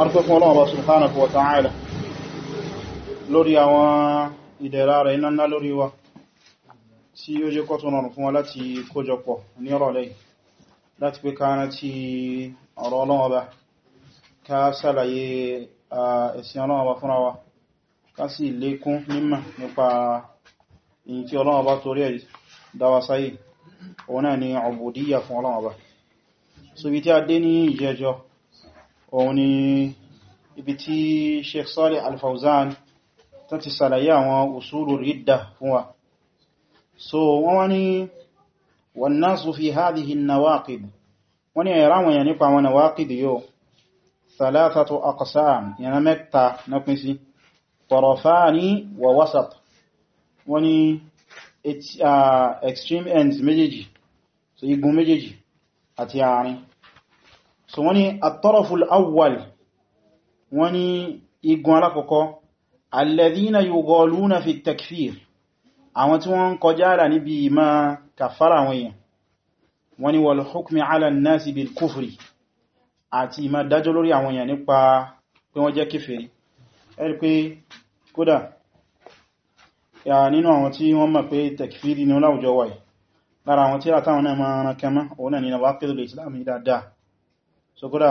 arúgbó fún ọlọ́wọ́ subhanahu wa ta'ala lórí àwọn ìdẹ̀ra rẹ̀ iná ńlá lórí wa tí ó jẹ́ kọ́tún ọ̀rùn fún wa láti kójọpọ̀ ní ọ̀rọ̀lẹ́ láti pé káàrá ti ọ̀rọ̀ ọlọ́wọ́ba ká sàlàyé ẹ̀sìn ọlọ́wọ́ba fúnra wa ká sì so bí tí a dé ní ìjẹjọ́ òun ni ibi tí Sheikh Salih Al Fawzan tó ti sàlàyé àwọn usulu ridda fún wa so wọ́n wá ní wan nasu fi hadhihi an-nawaqid wọ́n ni ẹ̀rá wọn yà nípa àwọn nawaqid yóò thalathatu aqsam yana mẹ́ta na pín sí wa wasat wọ́n ni ah, extreme ends méjèèjì so igun méjèèjì àti àárín so wọ́n ni at-taraful awwal wọ́n ni igun alákọ̀ọ́kọ́ alladhina yughaluna fi takfir àwọn tí wọ́n kọjá àlà níbi ma kàfàrà àwọn èèyàn wọ́n ni wal hukmi ala an-nasi bil kufri àti ìmá dájọ́ lórí àwọn èèyàn nípa pé wọ́n jẹ́ kéfèrí ẹ̀rí pé kódà nínú àwọn tí wọ́n mọ̀ pé takfiri ní láwùjọ wáyé lára àwọn tí àtàwọn náà ma rán kẹmọ́ òun náà ni na wákìlù islam dáadáa sọkọ́dá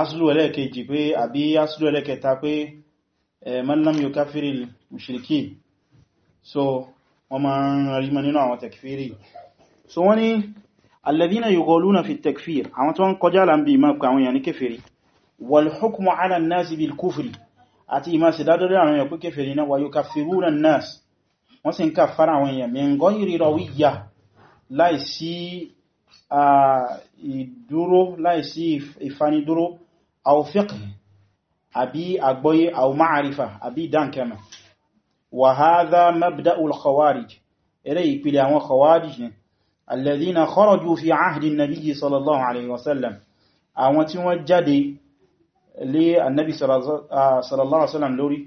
asìlú ẹlẹ́kẹjì pé àbí asìlú ẹlẹ́kẹta pé man lam yukaffiril mushriki so wọ́n ma ń rí ma nínú àwọn takfiri so wọ́n ni alladhina yughaluna fi takfir àwọn tó ń kọjá lambi ma pẹ àwọn èèyàn ní kèfèrí ala nasi bil kufri àti ìmá sì dádọ́rẹ́ àwọn èèyàn pé kèfèrí náà wa yukaffiruna nas wọ́n sì ń kàfàrà àwọn èèyàn min ghayri rawiyya ìdúró láìsí ìfanidúró àwòfíkì àbí àgbọ́yé àwòmáàrífà àbí ìdánkẹmà wà hádá mabda ulkhawarij eré ìpìlẹ̀ àwọn khawarij ne alladhina kharaju fi ahdi nabiyyi sallallahu alaihi wasallam àwọn tí wọ́n jáde lé annabi sallallahu alaihi wasallam lórí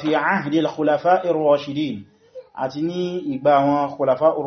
fi ahdi al-khulafa ir àti ní ìgbà àwọn khulafa ir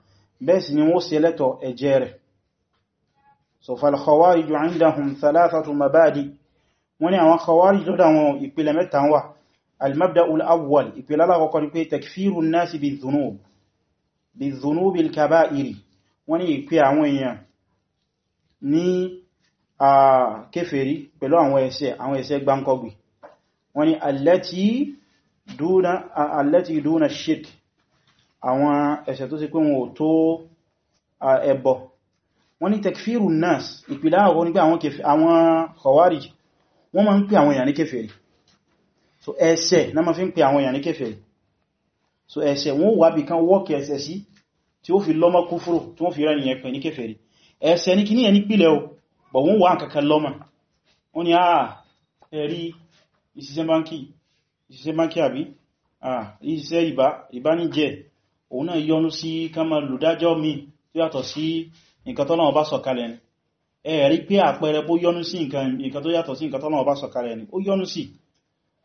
bẹ́ẹ̀ sì ni wọ́n ṣe lẹ́tọ̀ ẹ̀jẹ̀ rẹ̀ so fal khawarij indahum thalathatu mabadi wọ́n ní àwọn khawarij lọ́dọ̀ àwọn ìpìlẹ̀ mẹ́ta wà al mabda'u al awwal ìpìlẹ̀ alákọ̀ọ́kọ́ ni pé takfirun nasi bi dhunub bi dhunubi al wọ́n ní ìpè àwọn èèyàn ní a kèfèrí pẹ̀lú àwọn ẹ̀ṣẹ̀ àwọn wọ́n ní allati duna shirk àwọn ẹ̀ṣẹ̀ tó sì pé wọn ò tó ẹbọ wọ́n ní tekfiru nas ìpìlẹ̀ àwọn ní àwọn khawarij wọ́n ma ń pè àwọn èèyàn ní so ẹ̀ṣẹ̀ náà ma fi ń pè àwọn èèyàn ní so ẹ̀ṣẹ̀ wọ́n wà bí kan wọ́kẹ̀ ẹ̀ṣẹ̀ sí tí ó fi lọ́mọ kúfúrò tí wọ́n fi rẹ̀ nìyẹn pè ní kèfèrí ẹ̀ṣẹ̀ ní kíní ẹni pìlẹ̀ o bọ̀ wọ́n wà kankan lọ́mọ wọ́n ni òun náà yọnú sí ká máa lùdájọ́ mi tó yàtọ̀ sí nǹkan tọ́lọ́wọ́ bá sọ̀kalẹ̀ ni ẹ̀rí pé àpẹẹrẹ bó yọnú sí nǹkan tó yàtọ̀ sí nǹkan tọ́lọ́wọ́ bá sọ̀kalẹ̀ ni ó yọnú sí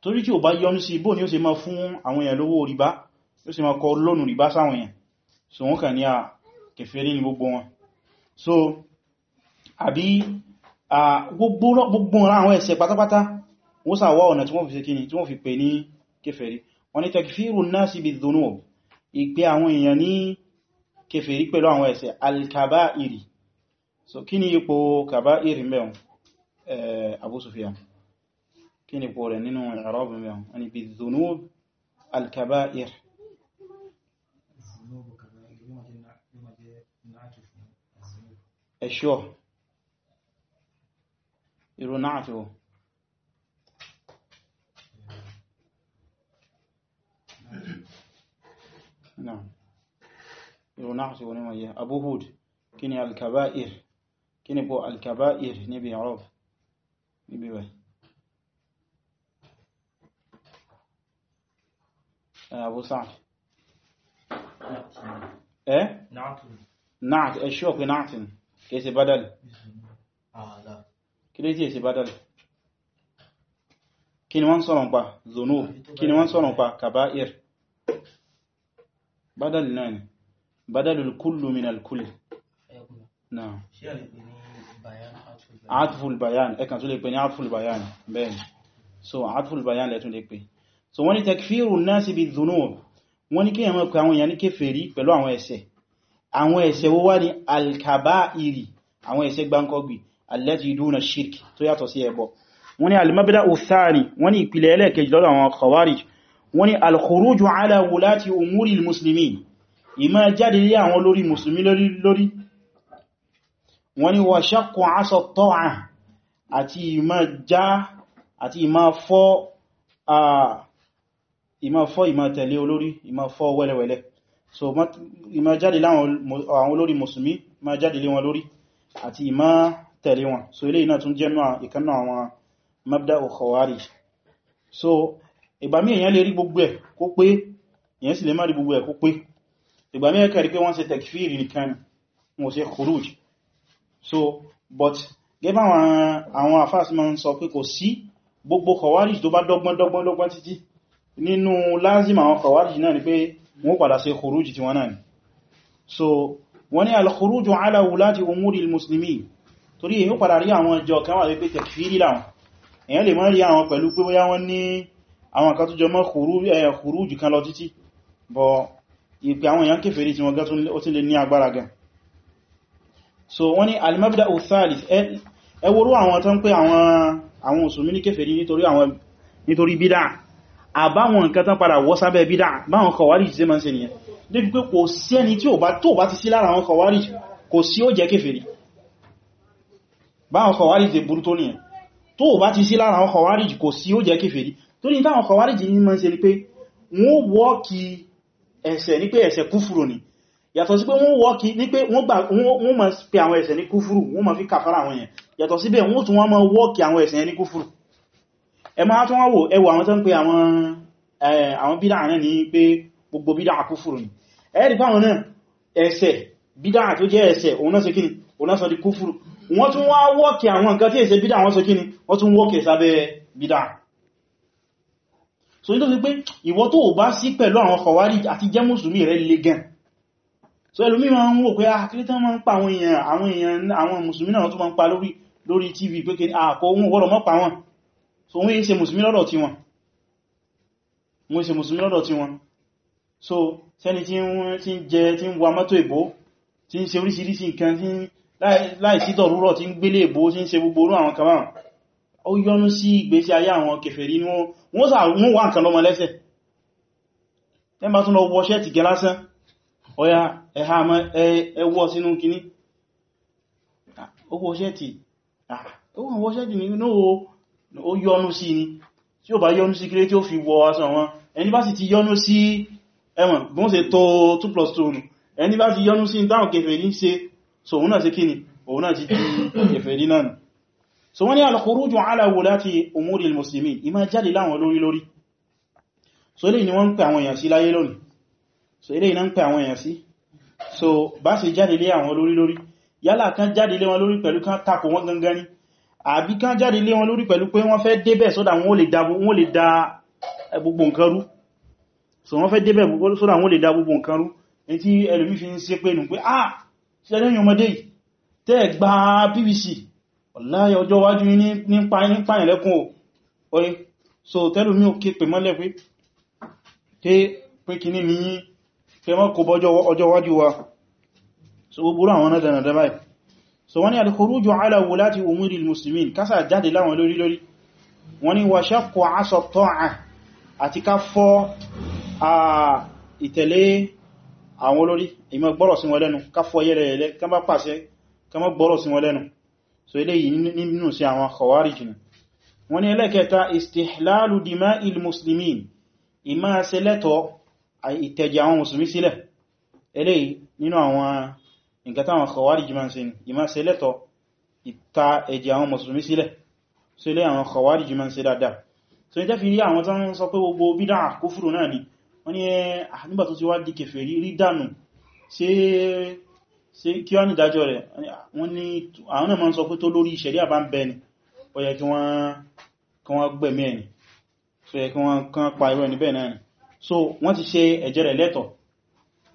torí tí ò bá yọnú sí bó ni ó ṣe máa fún àwọn èèyàn lówó rìbá ó so wọ́n a kèfèrí ní gbogbo wọn so àbí gbogbo ra àwọn ẹ̀ṣẹ̀ pátápátá wọ́n sà wá ọ̀nà tí ìpé àwọn èèyàn ní kèfèrí pẹ̀lú àwọn ẹ̀ṣẹ̀ al-kaba'iri so kí ni ipò kaba'iri mẹ́un Abu Sufyan kí ni ipò rẹ̀ nínú i'rab mẹ́un wani bí dhunub al-kaba'ir ẹ̀ṣọ́ ìrònà àfihàn náà ìrùn náà sí yẹ Abu kí ni alkaba'ir kí ni bọ́ alkaba'ir níbi arab níbi rẹ̀ eh, Abu ẹ́ náà ẹ̀ ṣọ́ pé náà ṣe badal kí lè ṣe badal kí ni wọ́n sọ̀rọ̀ pa zonó kí ni wọ́n pa kaba'ir badal náà ni badalul kullu min al-kulli náà atful bayan ẹkàn tó lè pè ní atful bayan bẹ́ẹ̀ni so atful bayan lẹ́tún lè pè so wọ́n ni takfirun nasi bi dhunub wọ́n ni kí ẹ̀mọ́ pé àwọn èèyàn ní kèfèrí pẹ̀lú àwọn ẹ̀ṣẹ̀ àwọn ẹ̀ṣẹ̀ wó wá ní al-kaba'iri àwọn ẹ̀ṣẹ̀ gbáǹkọ́gbì allati duna shirk tó yàtọ̀ sí ẹbọ wọ́n ni al-mabda'u wọ́n ni ìpìlẹ̀ ẹlẹ́ẹ̀kejì lọ́dọ̀ àwọn khawarij wọ́n ni alkhuruju ala wulati umuri muslimin ìmá jáde lé àwọn lórí musulmi lórí lórí wọ́n ni wà ṣakku asọ tọ́à àti ìmá já àti ìmá fọ́ ìmá fọ́ ìmá tẹ̀lé olórí ìmá fọ́ wẹ́lẹ̀wẹ́lẹ̀ so ìmá jáde lé àwọn olórí musulmi ìmá jáde lé wọn lórí àti ìmá tẹ̀lé wọn so ilé iná tún jẹ́ náà ìkan àwọn mabda'u khawarij so ìgbàmí èyàn lè rí gbogbo ẹ̀ kó pé èyàn sì lè má rí gbogbo ẹ̀ kó pé ìgbàmí ẹ̀kẹ́ rí pé wọ́n ṣe tekfiri nìkan wọ́n ṣe khuruj so but gẹ́bà àwọn afáàsí ma ń sọ pé kò sí gbogbo khawarij tó bá dọ́gbọ́n dọ́gbọ́n dọ́gbọ́n títí nínú lázim àwọn khawarij náà ni pé wọ́n so wọ́n ní al-khuruj ala wulati umuri al-muslimin torí èyí ó padà rí àwọn ìjọ kan wà wípé tekfiri èyàn lè mọ́ rí àwọn pẹ̀lú pé wọ́n ní àwọn kan tó jọ mọ́ khuruj eh, kan lọ títí bọ̀ ìpé àwọn èèyàn kèfèrí tí wọ́n gá tún lè ní agbára gan so wọ́n ni al-mabda al-thalith ẹwọ́rú àwọn tó ń pè àwọn òsùnmí ní kèfèrí nítorí bídá àbáwọn nǹkan tán padà wọ́ sábẹ́ bídá báwọn kọwàrí jẹ́ mọ́sẹ̀ nìyẹn débi pé kò sí ẹni tí ò bá tó bá ti sí lára àwọn kọwàrí kò sí ó jẹ́ kèfèrí báwọn kọwàrí jẹ́ burú tó nìyẹn tó bá ti sí lára àwọn kọwàrí kò sí ó jẹ́ kèfèrí torí táwọn kọwàríjì ní mọ́ ṣe ni pé wọ́n wọ́ọ̀kì ẹ̀ṣẹ̀ ní pé ẹ̀ṣẹ̀ kúfùrù ni yàtọ̀ sí pé wọ́n wọ́ọ̀kì ní pé wọ́n máa pe àwọn ẹ̀ṣẹ̀ ní kúfùrù wọ́n máa fi kàfàrà àwọn yẹn yàtọ̀ síbẹ̀ wọ́n tún wọ́n máa wọ́ọ̀kì àwọn ẹ̀ṣẹ̀ yẹn ní kúfùrù ẹ máa tún wọ́wọ́ ẹwọ àwọn tó ń pe àwọn bídá náà ní pé gbogbo bídá kúfùrù ni ẹ̀rí báwọn so ní tó fi pé ìwọ tó ò bá sí pẹ̀lú àwọn kọwàrí àti jẹ́ mùsùlùmí rẹ̀ le gan so ẹlòmí ma ń wò pé akílítà ah, ma ń pa àwọn èèyàn àwọn èèyàn àwọn mùsùlùmí náà tó ma ń pa lórí lórí tv pé kí àkọ ah, ohun ọgbọ́dọ̀ mọ́ pa wọn so wọ́n yí ṣe mùsùlùmí lọ́dọ̀ tí wọn wọ́n ṣe mùsùlùmí lọ́dọ̀ tí wọn so sẹ́ni tí ń jẹ tí ń wa mọ́tò ìbò tí ń ṣe oríṣiríṣi nǹkan láìsí dọ̀rúrọ̀ tí ń gbélé ìbò tí ń ṣe gbogbo orú àwọn kan báwọn ó yọ́nú sí ìgbésí ayé àwọn kèfèrí ní wọ́n sà wọ́n wà nǹkan lọ́mọ lẹ́sẹ̀ ẹ bá tún lọ wọ ṣẹ́ẹ̀tì gẹ lásán ọya ẹ̀hà mọ́ ẹwọ́ sínú kìíní owó ṣẹ́ẹ̀tì owó ní ó yọ́nú sí ni tí ó bá yọ́nú sí kílé tí ó fi wọ aṣọ wọn ẹni bá sì ti yọ́nú sí ẹwọ̀n bí wọ́n ṣe tó 2 plus 2 nù ẹni bá ti so òun náà ṣe kíni òun náà ti so wọ́n ní alkhuruju ala wulati umuri muslimin ima jáde láwọn lórí lórí so eléyìí ni wọ́n ń pè àwọn èèyàn sí láyé lónìí so eléyìí ni wọ́n ń pè àwọn èèyàn sí so bá ṣe jáde lé àwọn lórí lórí yálà kan jáde lé wọn lórí pẹ̀lú kan tako wọn gangan ni àbí kan jáde lé wọn lórí pẹ̀lú pé wọ́n fẹ́ débẹ̀ sódà wọn lè lè da gbogbo nǹkan rú èyí ah, gba pvc wallahi ọjọ́ wájú ní pààyàn lẹ́kún o orí so tẹ́lù mí ò ké pè mọ́lẹ̀ pé pé kì ní ní fẹ́mọ́ kò bọ́ ọjọ́ wájú wa so gbogbo àwọn náà dànà dábáì so wọ́n ni al-khuruju ala wulati umuri al-muslimin kásà jáde láwọn lórí lórí wọ́n ni wa shaqqu asọ tọ́à àti ká fọ́ ìtẹ̀lé àwọn olórí ìmọ̀ gbọ́rọ̀ gbọ́rọ̀ sí wọn lẹ́nu so eléyìí nínú sí àwọn khawarij ni wọ́n ní ẹlẹ́kẹta istihlalu dima'il muslimin ìmá sẹlẹ́tọ̀ ìtẹ̀jẹ̀ àwọn musulmi sílẹ̀ eléyìí nínú àwọn nǹkan táwọn khawarij máa ń ṣe ni ìmá sẹlẹ́tọ̀ ìta ẹ̀jẹ̀ àwọn musulmi sílẹ̀ so ilé àwọn khawarij máa ń ṣe so ní tẹ́fì rí àwọn tán sọ pé gbogbo bídá kúfùrù náà ni wọ́n ní ah, nígbà tó ti wá di kèfèrí rí dànù ṣe ṣe kí wọ́n ní ìdájọ́ rẹ̀ wọ́n ní ah, àwọn náà ma ń sọ pé tó lórí ìṣẹ̀rí àbá ń bẹ ni ó yẹ kí wọ́n gbẹ̀mí ẹni so yẹ kí wọ́n kán pa irú ẹni bẹ́ẹ̀ náà ni so wọ́n ti ṣe ẹ̀jẹ̀ rẹ̀ lẹ́tọ̀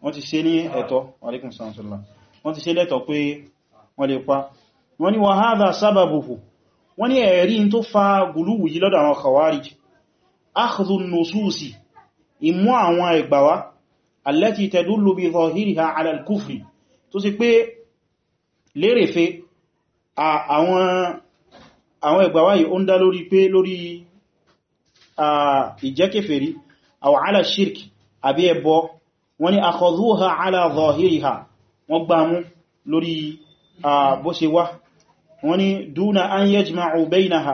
wọ́n ti ṣe ní ẹ̀tọ́ alaikum salam wọ́n ti ṣe lẹ́tọ̀ pé wọ́n tó sì pé lérèfé àwọn ìgbàwáyé ó ń dá lórí pé lórí ìjẹ́kẹfẹ̀rí àwọn ala shirk àbí ẹbọ wọ́n ní akhadhuha ala zahiriha wọ́n gbá mú lórí bó ṣe wá wọ́n ní duna an yajma'u bainaha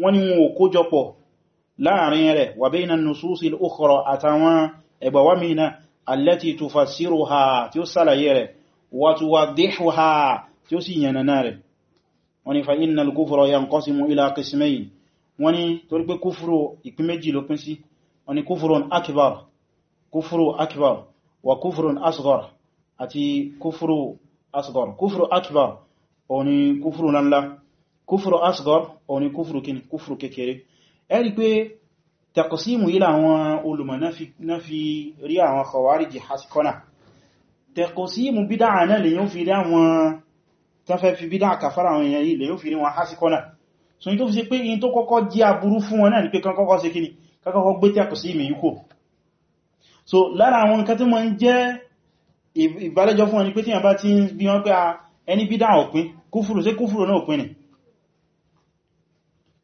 wọ́n ní wọn ò kójọpọ̀ láàrin rẹ̀ wà bayna an-nusus al-ukhra àtàwọn ẹgbàwámìnà allati tufassiruha tí ó sàlàyé rẹ̀ وتوضحها تيوسي نار وني فإن الكفر ينقسم إلى قسمين وني تربي كفر إكمجي لقنسي وني كفر أكبر كفر أكبر وكفر أصغر أتي كفر أصغر كفر أكبر وني كفر لنلا كفر أصغر وني كفر كن كفر ككري ẹ̀rí pé taqsimu ilá àwọn olùmọ̀ náà fi rí àwọn khawarij hasikọ́nà tẹ̀kọ̀ sí mú bídá àná lè yóò fi rí àwọn tẹ́fẹ́ fi bídá àkàfàrà àwọn èèyàn yìí lè yóò fi rí wọn há sí kọ́nà so ní tó fi sí pé in tó kọ́kọ́ jí aburú fún wọn náà ní pé kọ́kọ́ sí kíni kọ́kọ́ gbé tẹ́kọ̀ sí ìmì yíkò so lára àwọn nǹkan tí wọ́n jẹ́ ìbálẹ́jọ́ fún wọn ni pé tí yàmbá ti ń bí wọn pé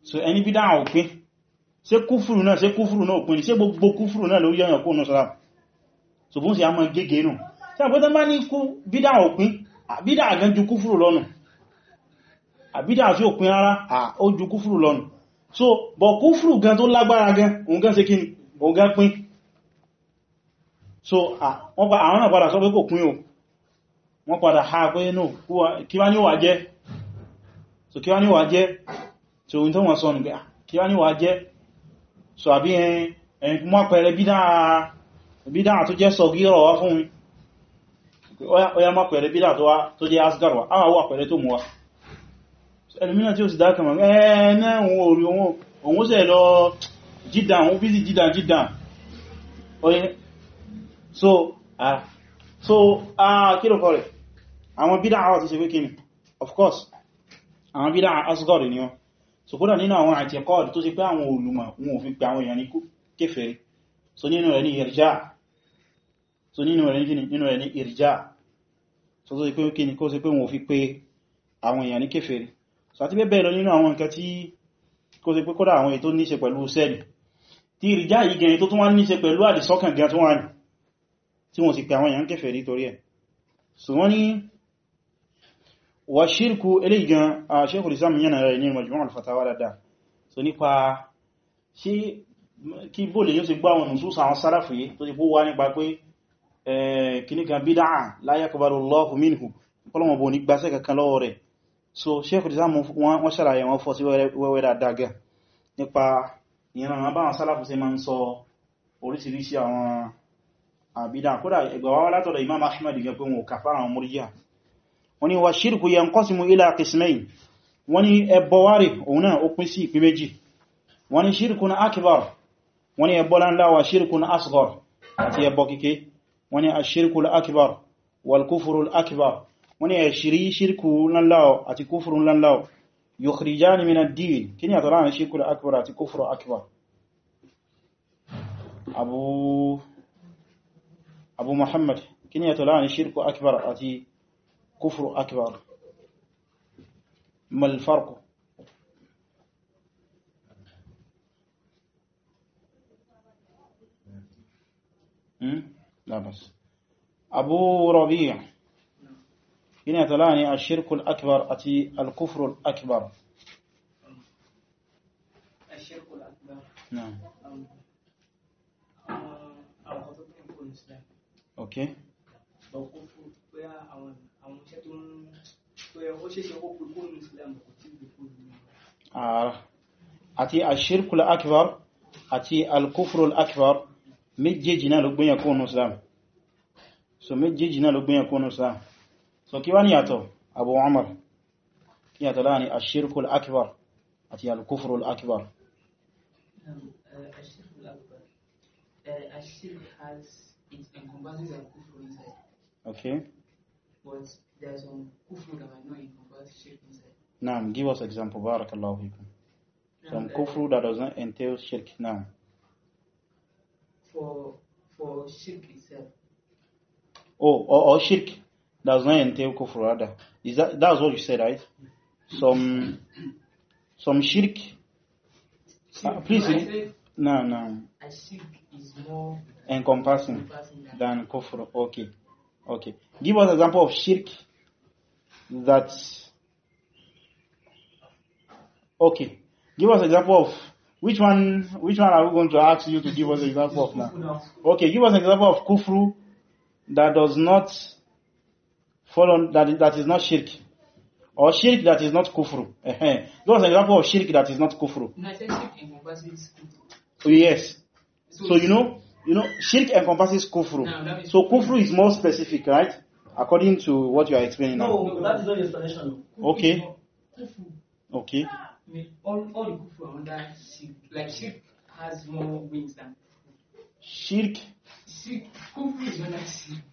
so ẹni bídá òpin ṣe kúfùrù náà ṣe kúfùrù náà òpin ni ṣe gbogbo so bóun sì á sàpótán bá ní kú bídá òpin bídá àgán ju kúfùrù lọ́nà àbídá àti òpin rárá ó ju so bọ̀ gan tó lágbára gan òun gan ṣe kí òun gan pín so wọ́n pa àwọn sọ pé kò o wọ́n padà ha pé no kí wá ní wà so kí wá ní wà jẹ́ so Oya má pẹ̀rẹ̀ bídá tó jẹ́ asgarwa àwọn wà pẹ̀rẹ̀ tó mú wa ẹlùmínà tí ó sì dákàmà ẹ̀ẹ́nà òun orí òun sẹ̀ lọ jídà òun bí sí jídà jídà oye so a so a kílò kọ́ rẹ̀ àwọn bídá àwọn ti ṣe pé kíni of course àwọn bídá asgar ni wọn so kódà nínú àwọn àti ẹ̀kọ́ tó ṣe pé àwọn olùmọ̀ wọn ò pẹ àwọn èèyàn ní kéfèé so nínú rẹ̀ ní ìrìjá so nínú rẹ̀ ní nínú rẹ̀ ní irja so tó sì pé kí ni kó sì pé wọn ò fi pé àwọn èèyàn ní kèfèrí so àti bẹ́ẹ̀ lọ nínú àwọn nǹkan tí kó sì pé kódà àwọn èyí tó ní ṣe pẹ̀lú sẹ́ẹ̀lì tí irja yìí gẹ̀rẹ̀ tó tún wá ní ṣe pẹ̀lú àdìsọ́kàn gan tó wà ní tí wọ́n sì yóò sì gbá àwọn nùsùsù àwọn sálàfù yìí tó ti bó wá nípa pé Eh, kìníkan bídáà la yaqbalu Allahu minhu ọlọ́wọ̀n bò ní gbáṣẹ́ kankan lọ́wọ́ rẹ̀ so Sheikhul Islam wọ́n ṣàlàyé wọn fọ́ sí wẹ́wẹ́ dáadáa nípa ìran báwọn sálàfù ṣe máa ń sọ oríṣiríṣi àwọn àbídá kódà Imam Ahmad gẹ pé wọn kàfà àwọn Murji'a wọ́n ila qismayn wọ́n ni ẹbọwárì òun náà ó pín akbar wọ́n ni ẹbọ láńlá wa shirkun asghar àti وني الشرك الأكبر والكفر الأكبر وني الشري شرك لنلاو أتي كفر لنلاو يخرجان من الدين كني أطلعنا الشرك الأكبر أتي كفر أكبر أبو أبو محمد كني أطلعنا الشرك أكبر أتي كفر أكبر ما الفرق Mm-hmm. لا بس أبو ربيع هنا تلاني الشرك الأكبر أتي الكفر الأكبر الشرك الأكبر نعم أوكي آه. أتي الشرك الأكبر أتي الكفر الأكبر méjèèjì náà ló gbéyàn kó nù islam so méjèèjì náà ló gbéyàn kó nù islam so kí wá ní yàtọ̀ abu umar kí yàtọ̀ láàrin ashirkul akbar àti alkufrul akbar um, uh, uh, okay but there's some kufru that are not encompass shirk inside Naam, give us example. Barakallahu fikum. Some uh, kufru that doesn't entail shirk. Naam. for for shirk itself. Oh, or, or shirk does not entail kufr Is that that's what you said, right? Some some shirk. shirk uh, please, eh? no, no. A shirk is more encompassing, encompassing than kufr. Okay, okay. Give us an example of shirk that. Okay, give us an example of which one which one are we going to ask you to give us an example of now okay give us an example of kufru that does not fall on that that is not shirk or shirk that is not kufru give us an example of shirk that is not kufru oh, yes so you know you know shirk encompasses kufru so kufru is more specific right according to what you are explaining now. no, that is not explanation okay okay may all, all the kufr under shirk. Like shirk has more wings than shirk. Shirk, kufr is under shirk.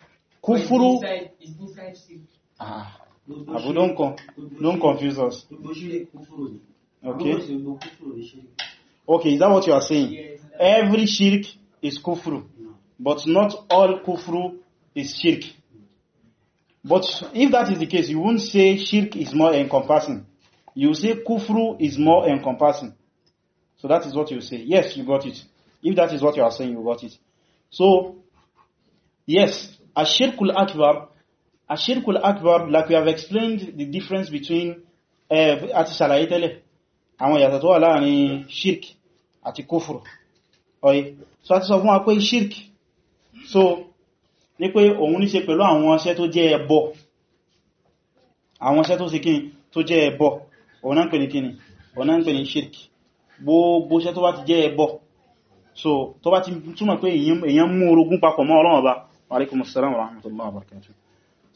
Kufuru. It's inside, it's inside shirk. Ah. Abu, don't, con don't confuse us. Okay. Okay, is that what you are saying? Every shirk is kufru, but not all kufru is shirk. But if that is the case, you won't say shirk is more encompassing you say kufru is more encompassing. So that is what you say. Yes, you got it. If that is what you are saying, you got it. So, yes, ashirkul akbar, ashirkul akbar, like we have explained the difference between àti eh, ṣàlàyé tẹ́lẹ̀ àwọn ìyàtọ̀ tó wà láàrin shirk ati kufru. Oye, so ati ti sọ fún wa pé shirk. So, ni pé òun ní ṣe pẹ̀lú àwọn iṣẹ́ tó jẹ́ ẹbọ. Àwọn iṣẹ́ tó ṣe kí tó jẹ́ ẹbọ ọ̀nà ń pè ní kíni ọ̀nà ń pè ní shirk gbogbo iṣẹ́ tó bá ti jẹ́ ẹbọ so tó bá ti túmọ̀ pé èyàn mú orogún papọ̀ mọ́ Ọlọ́run Ọba alaikum assalam wa rahmatullahi wa barakatuh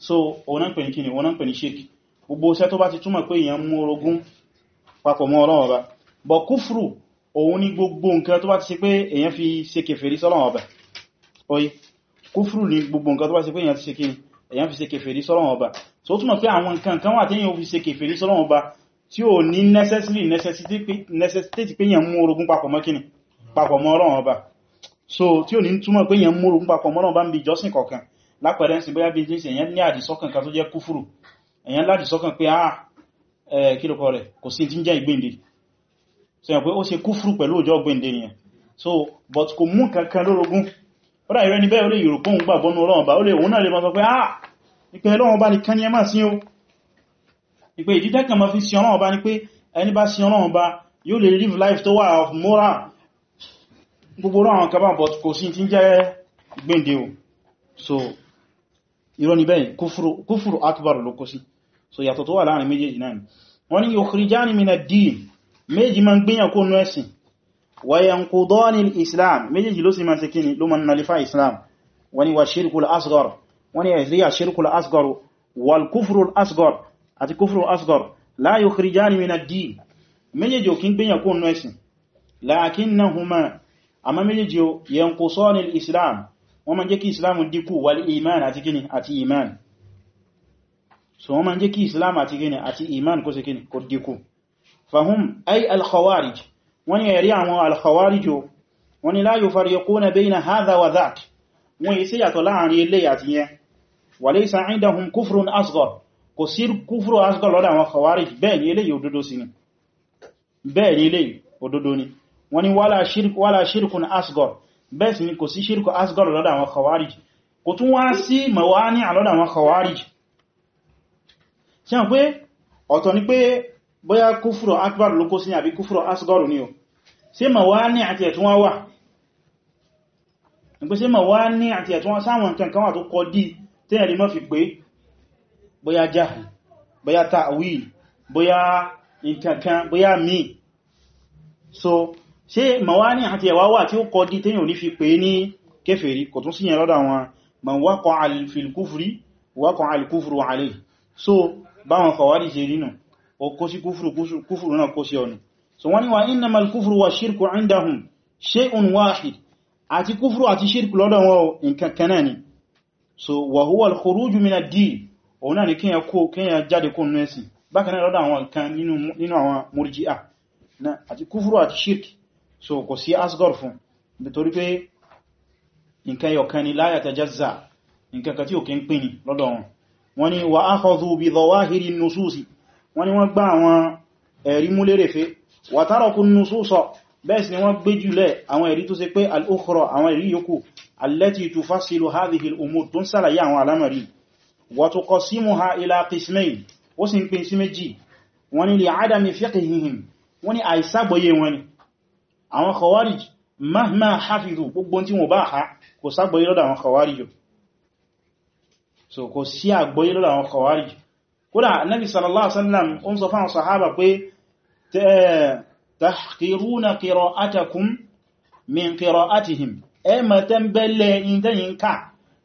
so ọ̀nà ń pè ní kíni ọ̀nà ń pè ní shirk gbogbo iṣẹ́ tó bá ti túmọ̀ pé èyàn mú orogún papọ̀ mọ́ Ọlọ́run Ọba bọ̀ kúfùrù òun ní gbogbo nǹkan tó bá ti ṣe pé èyàn fi ṣe kèfèrí sọ́lọ́run Ọba oye kúfùrù ní gbogbo nǹkan tó bá ṣe pé èyàn ti ṣe kíni èyàn fi ṣe kèfèrí sọ́lọ́run Ọba so túmọ̀ pé àwọn nǹkan kan wà tí èyàn fi ṣe kèfèrí sọ́lọ́run Ọba tí ó ní necessary necessity pé yẹn mú orogún papọ̀ mọ́ kíni papọ̀ mọ́ Ọlọ́run ọba so tí ó ní túmọ̀ pé yẹn mú orogún papọ̀ mọ́ Ọlọ́run ọba ń bí ìjọsìn kọ̀ọ̀kan lápẹẹrẹ ń sin bóyá bí jíṣẹ́ èyàn ní àdìsọ́kàn kan tó jẹ́ kúfùrù èyàn ládìsọ́kàn pé ah kílòkọ rẹ̀ kò sí tí ń jẹ́ ìgbéǹde so yàn pé ó ṣe kúfùrù pẹ̀lú ọjọ́ ìgbéǹde nìyàn so but kò mú kankan lórogún ọ̀rọ̀ ìrẹ́ni bẹ́ẹ̀ ó lè yòròpóhùn gbàgbọ́nú Ọlọ́run ọba ó lè òun náà lè máa sọ pé ah ìpẹ́ Ọlọ́run ọba nìkan ni ẹ máa sìn o ìpé ìdídẹ́ kan mọ́ fi sí ọlọ́run bá ní pé ẹni bá sí ọlọ́run bá yóò lè live life tó wà of moral gbogbo ráwọn kaba but kò sí tí ń jẹ́ gbéǹde o so irọ́ ni bẹ́yìn kúfùrù akbar ló kó sí so yàtọ̀ tó wà láàrin méjèèjì náà wọ́n ni yukhrijani min ad-din méjì ma ń gbéyàn kó nú ẹ̀sìn wa yanqudani al-islam méjèèjì ló sì ma ń ṣe kíni ló ma ń nalifa islam wọ́n ni wa shirkul asghar wọ́n ni ẹ̀sìrí àṣírkul asghar wal kufrul asghar àti kúfùrù asghar la yukhrijani min ad-din méjèèjì ò kí ń gbéyàn kó nú ẹ̀sìn lakinnahuma àmá méjèèjì yanqusani al-islam wọ́n ma jẹ́ kí islam dínkù wal iman àti kíni àti iman so wọ́n ma jẹ́ kí islam àti kíni àti iman kó ṣe kíni kó dínkù fahum ay al wọ́n yẹ̀ rí àwọn al-khawarij wọ́n ni la yufarriquna bayna hadha wa dhak wọ́n yìí sí yàtọ̀ láàrin ilé àti yẹn wa laysa kufrun asghar kò sí kúfúrò asgọ́ lọ́dọ̀ àwọn khawarij bẹ́ẹ̀ ni eléyìí òdodo sí ni bẹ́ẹ̀ ni eléyìí òdodo ni wọ́n ni wala shirkun asgọ́ bẹ́ẹ̀ sì ni kò sí shirku asgọ́ lọ́dọ̀ àwọn khawarij kò tún wá sí mawani àlọ́dọ̀ àwọn khawarij ṣe hàn pé ọ̀tọ̀ ni pé bóyá kúfúrò akbar ló kó sí mawani àti ẹ̀tún wá wà mawani àti ẹ̀tún wá sáwọn nǹkan kan wà tó tẹ́yẹ̀ lè mọ́ fi pé bóyá jahl bóyá ta'wil bóyá nǹkankan bóyá mi so ṣe mawani àti ẹ̀wà wà tí ó kọ dí tẹ́yìn òní fi pè ní kèfèrí kò tún síyẹn lọ́dọ̀ àwọn man waqa'a fil kufri waqa'a al kufru so báwọn kọwàrí ṣe rínà ó kó sí kúfùrù náà kó sí ọ̀nà so wọ́n ni wa innamal kufru wa shirku indahum shay'un wahid àti kúfùrù àti shirku lọ́dọ̀ wọn nǹkan kan ni so wa huwa al min ad-din òun náà ni kíyàn kó kíyàn jáde kó nínú ẹ̀sìn bákan náà lọ́dọ̀ àwọn kan nínú àwọn murji'a àti kúfúrú àti shirk so kò sí asgore fún nítorí pé nǹkan yọ̀kan ni la yatajazza nǹkan kan tí ń pín ni lọ́dọ̀ wọn wọ́n ni wa akhadhu bi dhawahiri nususi wọ́n ni wọ́n gbá àwọn ẹ̀rí mú lérèfé wa taraku nususa bẹ́ẹ̀ sì ni wọ́n gbé jùlẹ̀ àwọn ẹ̀rí tó ṣe pé al àwọn ẹ̀rí yòókù allati tufassilu hadhihi al-umur tó ń sàlàyé àwọn alamari وتقسمها إلى قسمين وسن بين سمجي وني لعدم فقههم وني أيسابوي وني àwọn khawarij mahma hafizu gbogbo tí wọ́n bá ha kò ságbóyé lọ́dọ̀ àwọn khawarij so kò sí àgbóyé lọ́dọ̀ àwọn khawarij kódà nabi sallallahu alaihi wasallam ó ń sọ fáwọn sahaba pé tahqiruna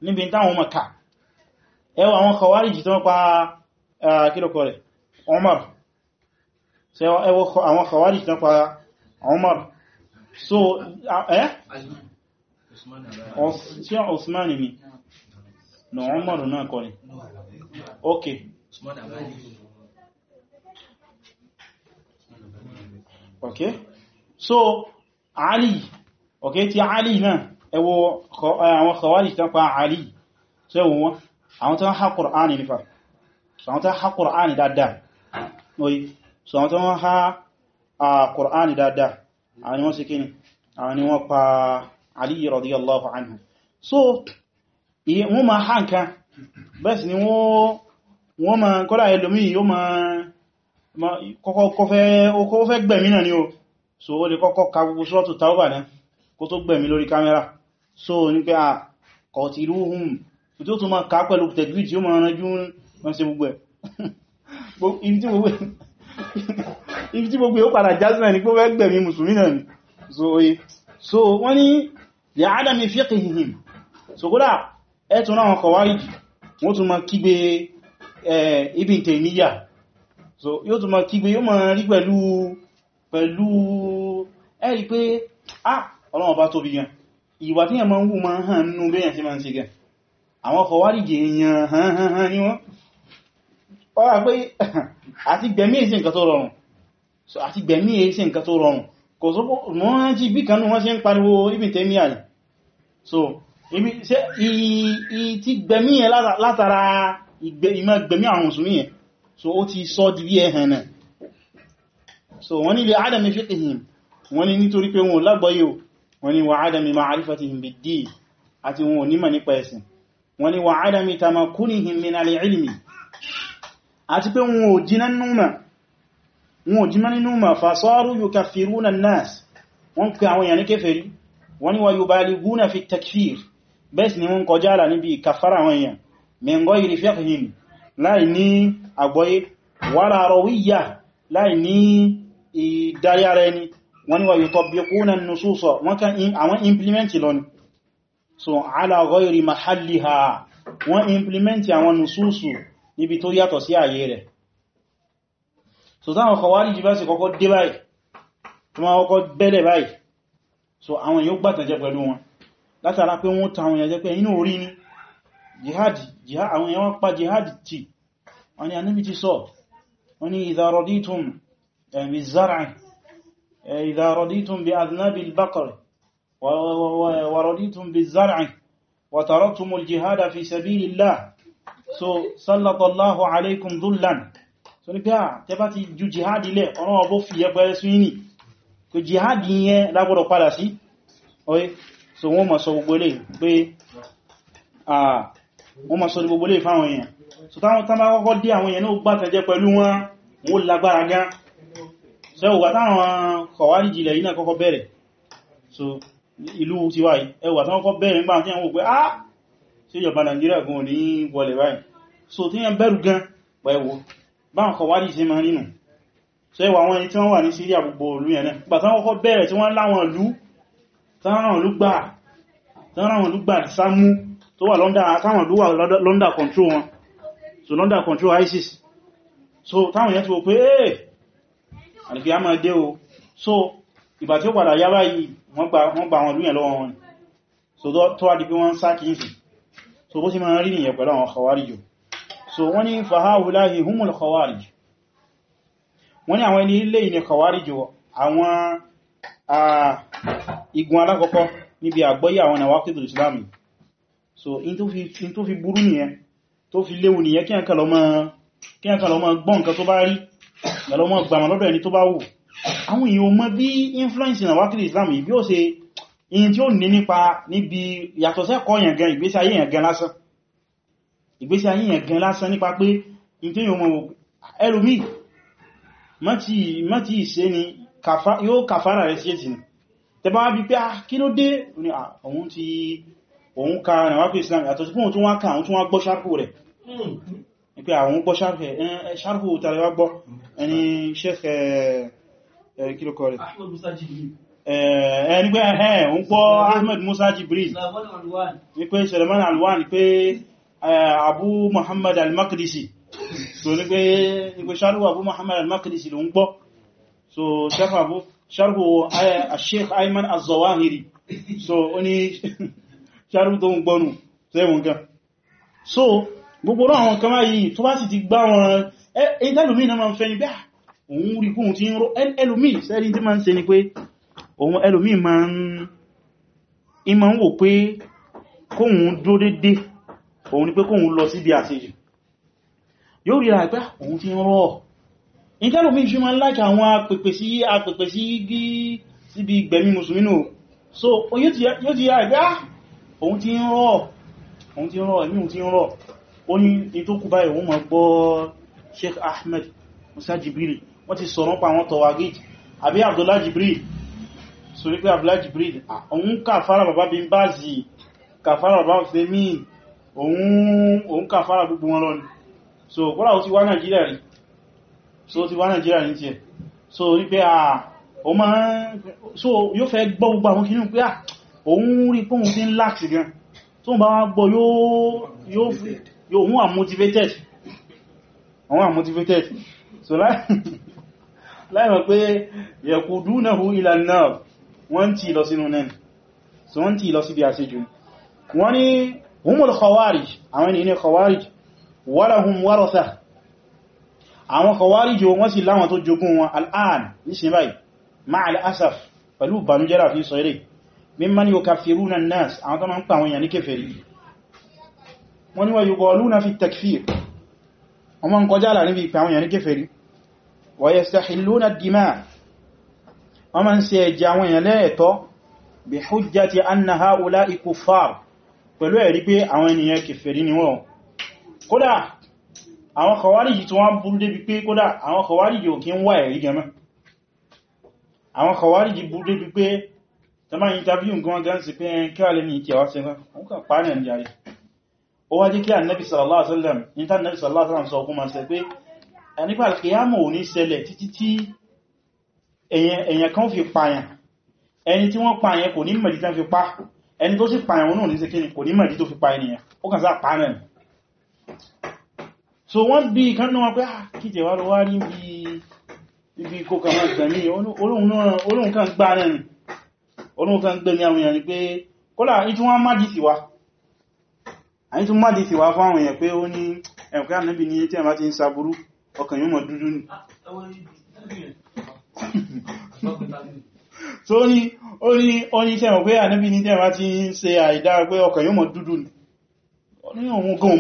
níbi táwọn maka ẹwà àwọn kọwàríjì tó ń pa kílòkọ rẹ̀ Umar so ẹwọ àwọn kọwàríjì tó ń pa Umar so ẹ́ ṣe Osman ni na Umar náà kọ́ ni ok ok so Ali ok ti Ali náà ẹwọ àwọn kọwàríjì tó ń pa Ali so ẹwọ àwọn tó ń ha Kùránì nífà so àwọn tó ń ha Kùránì dáadáa oyi so àwọn tó ń ha Kùránì dáadáa àwọn ni wọ́n sí kíni àwọn ni wọ́n pa Aliyu radiyallahu anhu so iye wọ́n ma ha nǹkan bẹ́ẹ̀ sì ni wọ́n ma kọ́lá ẹlòmí yóò ma kọ́kọ́ fẹ́ gbẹ̀mí náà ni o so ó lè kọ́kọ́ ka gbogbo Suratu Tawbah náà kó tó gbẹ̀mí lórí kámẹ́rà so ní pé a qatiluhum tí ó tún ma ká pẹ̀lú tẹ̀gbì tí ó ma ránjú wọ́n ṣe gbogbo ẹ̀ ibi tí gbogbo yóò padà jásílẹ̀ ní gbogbo ẹgbẹ̀mí musulmi náà so oye so wọ́n ni lè adami fiqhihim so kódà ẹ̀tún náà kọwàríjì wọ́n tún ma kígbe Ibn Taymiyyah so yóò tún ma kígbe yóò ma rí pẹ̀lú pẹ̀lú ah ọlọ́wọ́ bá tóbi gan ìwà tí yẹn ma àwọn kọwàríjì èèyàn hàn ní wọ́n wọ́n wà pé àti gbẹ̀mí èsì nǹkan tó rọrùn so àti gbẹ̀mí èsì nǹkan tó rọrùn kò sọ́pọ̀ wọ́n jí bí kanú wọ́n ṣe ń pariwo ibi tẹ́mí àrí so ibi ṣe ti gbẹ̀mí yẹn látara ìmọ̀ gbẹ̀mí àwọn mùsùlùmí yẹn so ó ti sọ di bí ẹ̀hàn so wọ́n nílé adami fiqhihim wọ́n ní nítorí pé wọn lágbọ́yò wọ́n ní wa adami ma'arifatihim bid-din àti wọn ò nímọ̀ nípa ẹ̀sìn wọ́n ni wà ádámi tamakunihim min al-ilmi àti pé wọn ò jiná númà wọn ò jiná númà fasaru yukaffiruna an-nas wọ́n pè àwọn èèyàn ní kéfèrí wọ́n ni wà yubaliguna fi takfir bẹ́ẹ̀sì ni wọ́n kọjá àlà níbi kàfàrà àwọn èèyàn so ala ghairi mahalliha wọ́n implement àwọn nususu níbi tó yàtọ̀ sí àyè rẹ̀ so táwọn khawarij bá sì kọ́kọ́ dé báyìí tó máa kọ́kọ́ bẹ́lẹ̀ báyìí so àwọn yóò gbàtànjẹ́ pẹ̀lú wọn látara pé wọ́n tàwọn yà jẹ́ pé inú orí ní jihadi àwọn yà wọ́n pa jihadi ti wọ́n ni anábi ti sọ wọ́n idha raditum eh, bi zar'i eh, idha raditum bi adnabil baqari ورضيتم بالزرع وتركتم الجهاد في سبيل الله so الله عليكم dhullan so ni pé ah tẹ́ bá ti ju jihad ilẹ̀ ọ̀rọ̀ ọbọ̀ fi yẹ pẹ̀lẹ̀ sí ní kò jihad yẹn lágbọ́dọ̀ padà sí oye so wọ́n ma sọ gbogbo lè pé ah wọ́n ma sọ gbogbo lè fáwọn èèyàn so táwọn tán bá kọ́kọ́ dé àwọn èèyàn náà gbà tẹ́jẹ́ pẹ̀lú wọn ìlú ti wà ẹwà tán kọ́ bẹ̀rẹ̀ nígbà tí wọ́n pé á sí ìjọba Nàìjíríà gan ní wọlé báyìí so tí yẹn bẹ̀rù gan pẹ̀wọ̀ bá ń kọwàrí sí ma nínú so ẹwà wọn tí wọ́n wà ní Syria gbogbo olú yẹn náà gbà tán kọ́ bẹ̀rẹ̀ tí wọ́n láwọn ìlú tánràn ìlú gbà sámú tó wà London control wọn so London control ISIS so táwọn yẹn ti wò pé eh àlùkìyàmọ̀ dé o so ìgbà tí ó padà yá báyìí wọ́n gba àwọn ìlú yẹn lọ́wọ́ wọn so tó wá di pé wọ́n sáàkì ìsìn so bó sì máa rí nìyẹn pẹ̀lú àwọn khawariju so wọ́n ni fahawulahi humul khawariju wọ́n ni àwọn ẹni ilé ìní khawariju àwọn igun alákọ̀ọ́kọ́ níbi àgbọ́yé àwọn nawaqidul islam so in tó fi burú nìyẹn tó fi léwu nìyẹn kí ẹ̀kan lọ mọ́ gbọ́n nǹkan àwọn èèyàn mọ̀ bí influence na wákìlì islam bí ó ṣe in tí ó ní nípa níbi yàtọ̀ sẹ́kọ́ yẹn gan ìgbésí ayé yẹn gan lásán ìgbésí ayé yẹn gan lásán nípa pé in tí yóò mọ̀ ẹlòmí mọ́tí ìṣẹ́ ni yóò kàfàrà rẹ̀ sí ètì ni tẹba wá bí pé ah kí ló dé ah, òun ti òun ka islam yàtọ̀ sí pé òun tún wá ká òun tún wá gbọ́ sárkù rẹ̀ hmm. pé ah, Eh, kí ló kọ rẹ̀ ẹni pé ẹ̀hẹ́ ń pọ́ Ahmed Musa Jibril eh, eh, ní pé Suleiman Alwan ní pé Abu Muhammad al-Maqdisi so ní pé ṣarhu Abu Muhammad al-Maqdisi ló ń gbọ́ so ṣarhu Sheikh Ayman al-Zawahiri so ó ní ṣarhu tó ń gbọ́nù tẹ́ wọn gan so gbogbo àwọn kama yìí tó bá sì ti gbá wọn ẹ̀ẹ́dẹ́lùmí na ma ń fẹ́ ni bẹ́ẹ̀ òun rí kóhun tí ń rọ ẹlòmí sẹ́rí tí máa ń ṣe ni pé òun ẹlòmí máa ń wò pé kóhun dúró dédé òun ni pé kóhun lọ síbi àṣejù yóò rí àpá ah, òun ti ń rọ ìtẹ́lòmí fi máa ń láti àwọn apèpè sí apèpè sí gí síbi ìgbẹ̀mí mùsùlùmí so yóò ti àgbá ah, òun ti ń rọ òun ti ń rọ Sheikh Ahmed Musa Jibril wọ́n ti sọ̀rọ̀ pa àwọn tọwagid àbí Abdullah Jibril so ní pé Abdullah Jibril òun kàfàrà bàbá bí n bá zì kàfàrà bàbá fẹ́ mí òun kàfàrà gbogbo wọn lọ́ni so kọ́lá ó ti wá Nàìjíríà rí so ó ti wá Nàìjíríà rí tí ẹ so ní pé àà o máa so yóò fẹ́ gbọ́ gbogbo àwọn kìnnìún pé à òun rí pọ́n sí ń láti gan tó ń bá wá gbọ́ yóò òun wà motivated òun wà motivated so láì láìmọ̀ pé yaqudunahu ila an-nar wọ́n tí lọ sínú nẹ́n so wọ́n tí lọ sí bí àṣejù wọ́n ni humul khawarij àwọn ni ní khawarij walahum waratha àwọn khawarij wọ́n sì láwọn tó jogún wọn al'an nísìn báyìí ma'al asaf pẹ̀lú bànújẹ́ra fi sọ eré mimman yukaffiruna an-nas àwọn tó máa ń pa àwọn èèyàn ní kèfèrí wọ́n ni wa yuqaluna fi at wọ́n máa ń kọjá láàrin bí ìpẹ àwọn èèyàn ní ويستحلون الدماء ومن سيجاوين لأتو بحجة أن هؤلاء كفار pẹ̀lú ẹ̀rí pé àwọn ènìyàn kèfèrí ni wọ́n kódà àwọn kọwàríjì tí wọ́n burú débi pé kódà àwọn kọwàríjì ò kí ń wà ẹ̀rí gẹmọ́ àwọn kọwàríjì burú débi pé tọ́mà interview gan gan sí pé ẹn kíwà lè ní ìkẹ̀ wá sẹ́fẹ́ wọ́n kà pàánà ní ayé ó wá jẹ́ ẹnipa alkiyama ò ní ṣẹlẹ̀ títí tí èyàn kan fi pààyàn ẹni tí wọ́n pààyàn kò ní mẹ̀dí tán fi pa ẹni tó sì pààyàn wọn náà ní sẹ́kíní kò ní mẹ̀dí tó fi pa ènìyàn ó kàn sáà pààyàn ni so wọ́n bí kan náà pé ah, kí jẹ wá lọ wá ní ibi kókà máa gbẹ̀mí olóhun kan gbá náà ni olóhun kan gbẹ̀mí àwọn èèyàn ni pé kọ́lá ní tí wọ́n má dì sí wa àyí ọkàn yóò mọ̀ dúdú ní so ó ní ó ní ó ní sẹ́wọ̀n pé ànábì ní tẹ́wàá ti ń ṣe àìdá pé ọkàn yóò mọ̀ dúdú ní ọ̀hún gan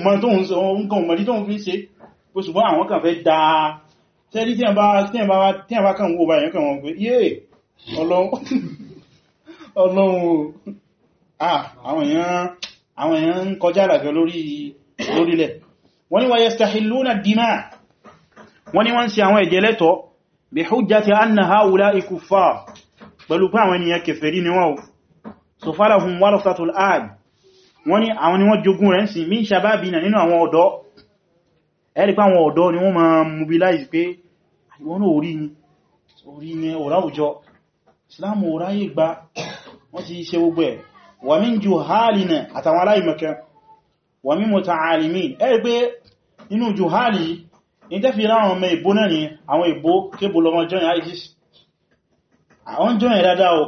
mọ̀ tí tóhun fi ṣe pé ṣùgbọ́n àwọn kan fẹ́ dáa tẹ́rí tí ẹ̀bá kàn wó báyẹ̀ kàn wọ́n pé yé ọlọ́run àwọn èèyàn ń kọjá àlàjọ lórí lórílẹ̀ wọ́n ní wáyẹ̀ stahiluna dima wọ́n ní wọ́n ṣe àwọn ẹ̀jẹ̀ lẹ́tọ̀ bí hujjati anna haula ikuffar pẹ̀lú pé àwọn ènìyàn kèfèrí ni wọ́n so falahum warathatul ad wọ́n ní àwọn ni wọ́n jogún rẹ̀ ń sin min nínú àwọn ọ̀dọ́ ẹ̀rí pé àwọn ọ̀dọ́ ni wọ́n máa mobilize ní tẹ́ fi ráwọn ọmọ ìbó náà ni àwọn ìbó kébò lọmọ jọyìn ISIS àwọn jọyìn dáadáa o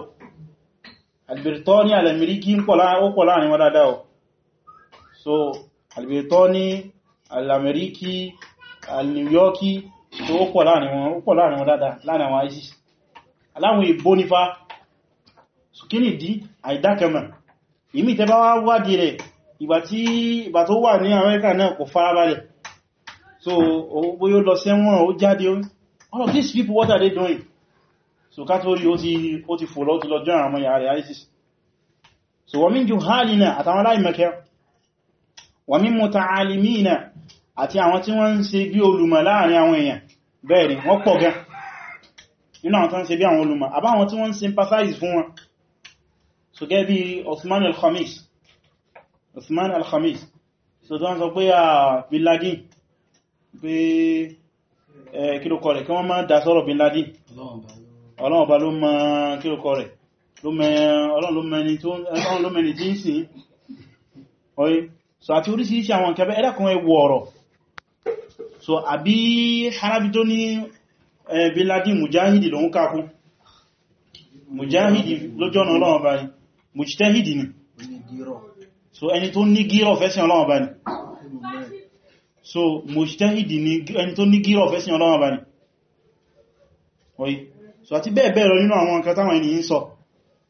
Al-Birtani al-Amiriki ń pọ̀ láàrin wọn dáadáa o so Al-Birtani al-Amiriki al-New Yorki tó ó pọ̀ láàrin wọn dáadáa láàrin àwọn ISIS aláwọn ìbó nífà sùkínì dí àìdákẹ́mà ìmí tẹ́ bá wá wádìí so bóyó lọ sẹ́wọ̀n ó jáde all of these people what are they doing so kátórí ó ti fòlọ́ ti lọ jọ àwọn ìyà rẹ̀ ISIS so wọ́n min jù hálìnà àtàwọn aláìmẹ́kẹ́ wọ́n min mọ̀ta alìmìnà àti àwọn tí wọ́n ń ṣe bí olùmọ̀ láàrin àwọn èèyàn bẹ́ẹ̀ ni wọ́n pọ̀ gan nínú àwọn tó ń ṣe bí àwọn olùmọ̀ àbáwọn tí wọ́n ń sympathize fún wọn so gẹ́ bí Osman al-Khamis Osman al-Khamis so tó ń sọ pé a ah, Bin pé kílòkọ rẹ̀ kí wọ́n má dá sọ́rọ̀ bin Laden ọlọ́run bá ló mọ̀ kílòkọ rẹ̀ ọlọ́run ló mẹ́ni jínsì ọyí so àti orísìírísìí àwọn kẹfẹ́ ẹ́dàkùn ẹwọ ọ̀rọ̀ so àbí harabi tó ní bin Laden mujahidi lòun kákún mujahidi lójọ́ ọ̀nà ọlọ́run bá ní mujtahidi ni so ẹni tó ní gírọ̀ fẹ́sìn ọlọ́run bá ní so mujtahidi ni ẹni tó ní gírọ̀ fẹ́ sí ọlọ́wọ́ bá ní oyi so àti bẹ́ẹ̀ bẹ́ẹ̀ lọ nínú àwọn nǹkan táwọn ènìyàn sọ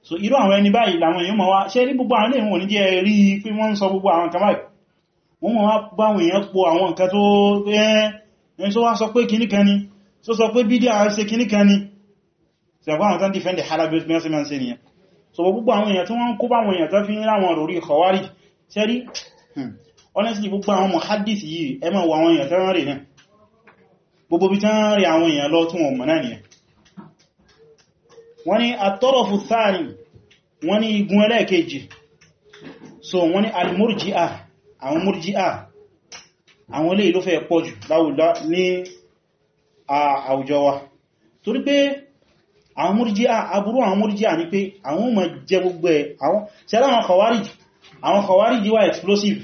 so irú àwọn ẹni báyìí làwọn èèyàn mọ̀ wá ṣe rí gbogbo àwọn èèyàn ní jẹ́ rí pé wọ́n ń sọ gbogbo àwọn nǹkan báyìí wọ́n mọ̀ wá bá àwọn èèyàn po àwọn nǹkan tó ẹn tó wá sọ pé kinní kan ni so gbogbo àwọn èèyàn tí wọ́n ń kó bá àwọn èèyàn tó fi honestly gbogbo àwọn muhaddith yìí ẹ máa wà àwọn èèyàn tán rẹ̀ náà gbogbo bí tán rẹ̀ àwọn èèyàn lọ tún wọn mọ̀ náà nìyẹn wọ́n ni at-tarafu thani wọ́n ni igun ẹlẹ́ẹ̀kejì so wọ́n ni al-murji'ah àwọn murji'ah àwọn ilé ìlú fẹ́ pọ̀ jù láwùlá ní àwùjọ wa torí pé àwọn murji'ah aburú àwọn murji'ah ni pé àwọn ọmọ jẹ gbogbo ẹ̀ àwọn khawarij àwọn khawarij wà explosive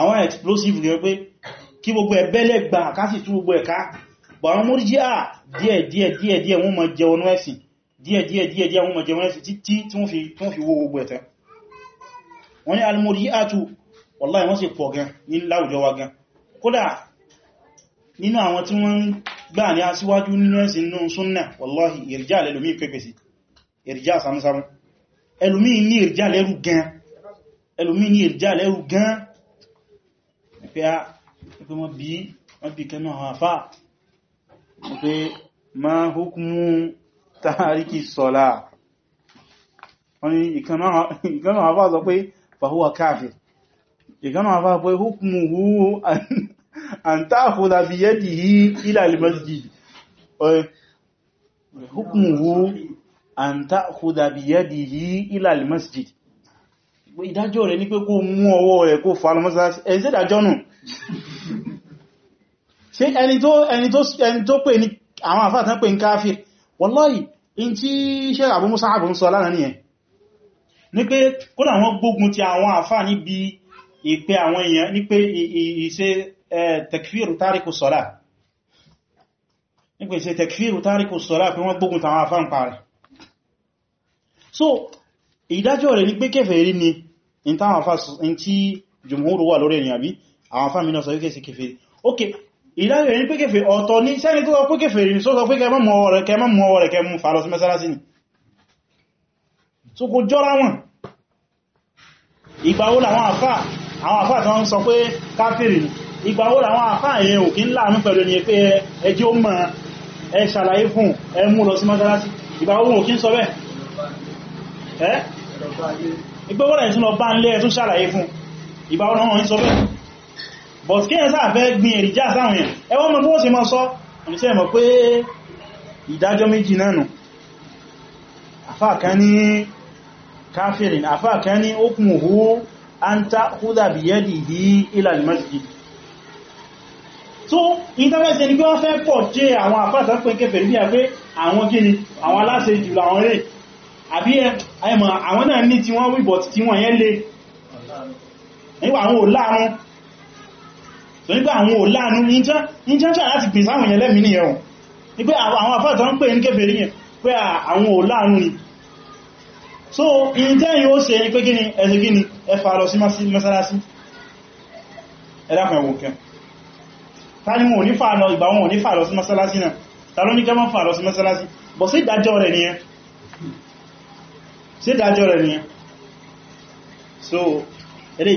àwọn explosive ni wípé kí gbogbo ẹ̀bẹ́lẹ̀ gbà kásì tú gbogbo ẹ̀ká bọ̀ àwọn Murji'a díẹ̀ díẹ̀ díẹ̀ díẹ̀ wọ́n máa jẹ ọnú ẹ̀sìn díẹ̀ díẹ̀ díẹ̀ díẹ̀ wọ́n máa jẹ ọnú ẹ̀sìn títí tí wọ́n fi wó gbogbo ẹ̀tẹ́ wọ́n ní al-Murji'atu wallahi wọ́n sì pọ̀ gan ní láwùjọ wa gan kódà nínú àwọn tí wọ́n gbà ní aṣíwájú nínú ẹ̀sìn nínú súnnà wallahi ìrìjá lẹ́lùmí pẹ́pẹ́ sí ìrìjá samusamu ẹlùmí ní ìrìjá lẹ́rù gan ẹlùmí ní ìrìjá lẹ́rù gan pé á pé wọ́n bí wọ́n bí kẹ́nà àwọn àfá pé ma hukmu tàríkì sọ́lá wọ́n ni ìkẹ́nà àfá sọ pé fàhúwà káàfì ìkẹ́nà àfá pé hukmu hú an ta'khudha bi yadihi ila al-masjid hukmu hú an ila al-masjid ìdájọ́ rẹ̀ ní pé kó mú ọwọ́ rẹ̀ kó fà lọ mọ́sálásí ṣe ẹni tó ẹni tó ẹni tó pè ní àwọn àfáàtán pè ní káfíìr wallahi in tí ṣe àbú musa àbú ń sọ lára ní ẹ̀ ní pé kódà wọ́n gbógun ti àwọn àfáà níbi ìpé àwọn èèyàn ní pé ìṣe tekfiru tariku sọ́lá ní pé ìṣe tekfiru wọ́n gbógun tàwọn àfáà ń parẹ̀ so ìdájọ́ rẹ̀ ní pé kèfèrí ni in táwọn àfáà in tí jùmúrù wà lórí ènìyàn àwọn fámínà sọ wípé sí kèfèrí ok ìdájọ́ ní pé kèfèrí ọ̀tọ̀ ní sẹ́ni tó sọ pé kèfèrí ní sọ́sọ pé kẹmọ́ mọ́ rẹ̀ kẹmọ́ mọ́ rẹ̀ kẹmọ́ fà lọ sí mẹ́sàlásí ni so kò jọra wọn ìgbàwó làwọn àfà àwọn àfà tó ń sọ pé káfìrì ni ìgbàwó làwọn àfà yẹn ò kí ń láàánú pẹ̀lú ni pé ẹjẹ́ ó mọ̀ ẹ ṣàlàyé fún ẹ mú lọ sí mẹ́sàlásí ìgbàwó wọn ò kí ń sọ bẹ́ẹ̀ ìgbẹ́wọ́n ẹ̀ lọ bá ń lé ẹ tún fún ìgbàwó làwọn ń but kí ẹ sáà fẹ́ gbin èrìjá sáwọn yẹn ẹwọ́n mọ̀ bó ṣe mọ́ sọ oníṣẹ́ mọ̀ pé ìdájọ́ méjì náà nù àfáàkan ní káfírin àfáàkan ní okùn òhú an húdà bí yẹ́dì bí ilal masjid so intervention ni pé wọ́n fẹ́ pọ̀ jẹ́ àwọn àfáàtà pé kẹfẹ̀rí bí i pé àwọn gíní àwọn aláṣẹ jùlọ àwọn rẹ̀ àbí ẹmọ̀ àwọn náà ní so nígbà àwọn ò láàánú ní jẹ́ńṣà láti pè sáwọn èèyàn lẹ́mìí nìyẹn wọn àwọn afẹ́ẹ̀tọ́ ń pè ní kèfèrí yẹn pé àwọn ò ni so in tẹ́ yóò ṣe ní pé gíní ẹ̀sẹ̀ gíní ẹfà lọ sí mẹ́sàlásí ẹ̀dàkùn ẹ̀wọ̀n kẹ ta ni wọn ò ní fà lọ ìgbà wọn ò ní fà lọ sí mẹ́sàlásí náà ta ló ní kẹ́ mọ́ fà lọ sí mẹ́sàlásí bọ̀ sí ìdájọ́ rẹ̀ nìyẹn sí ìdájọ́ rẹ̀ nìyẹn so rẹ̀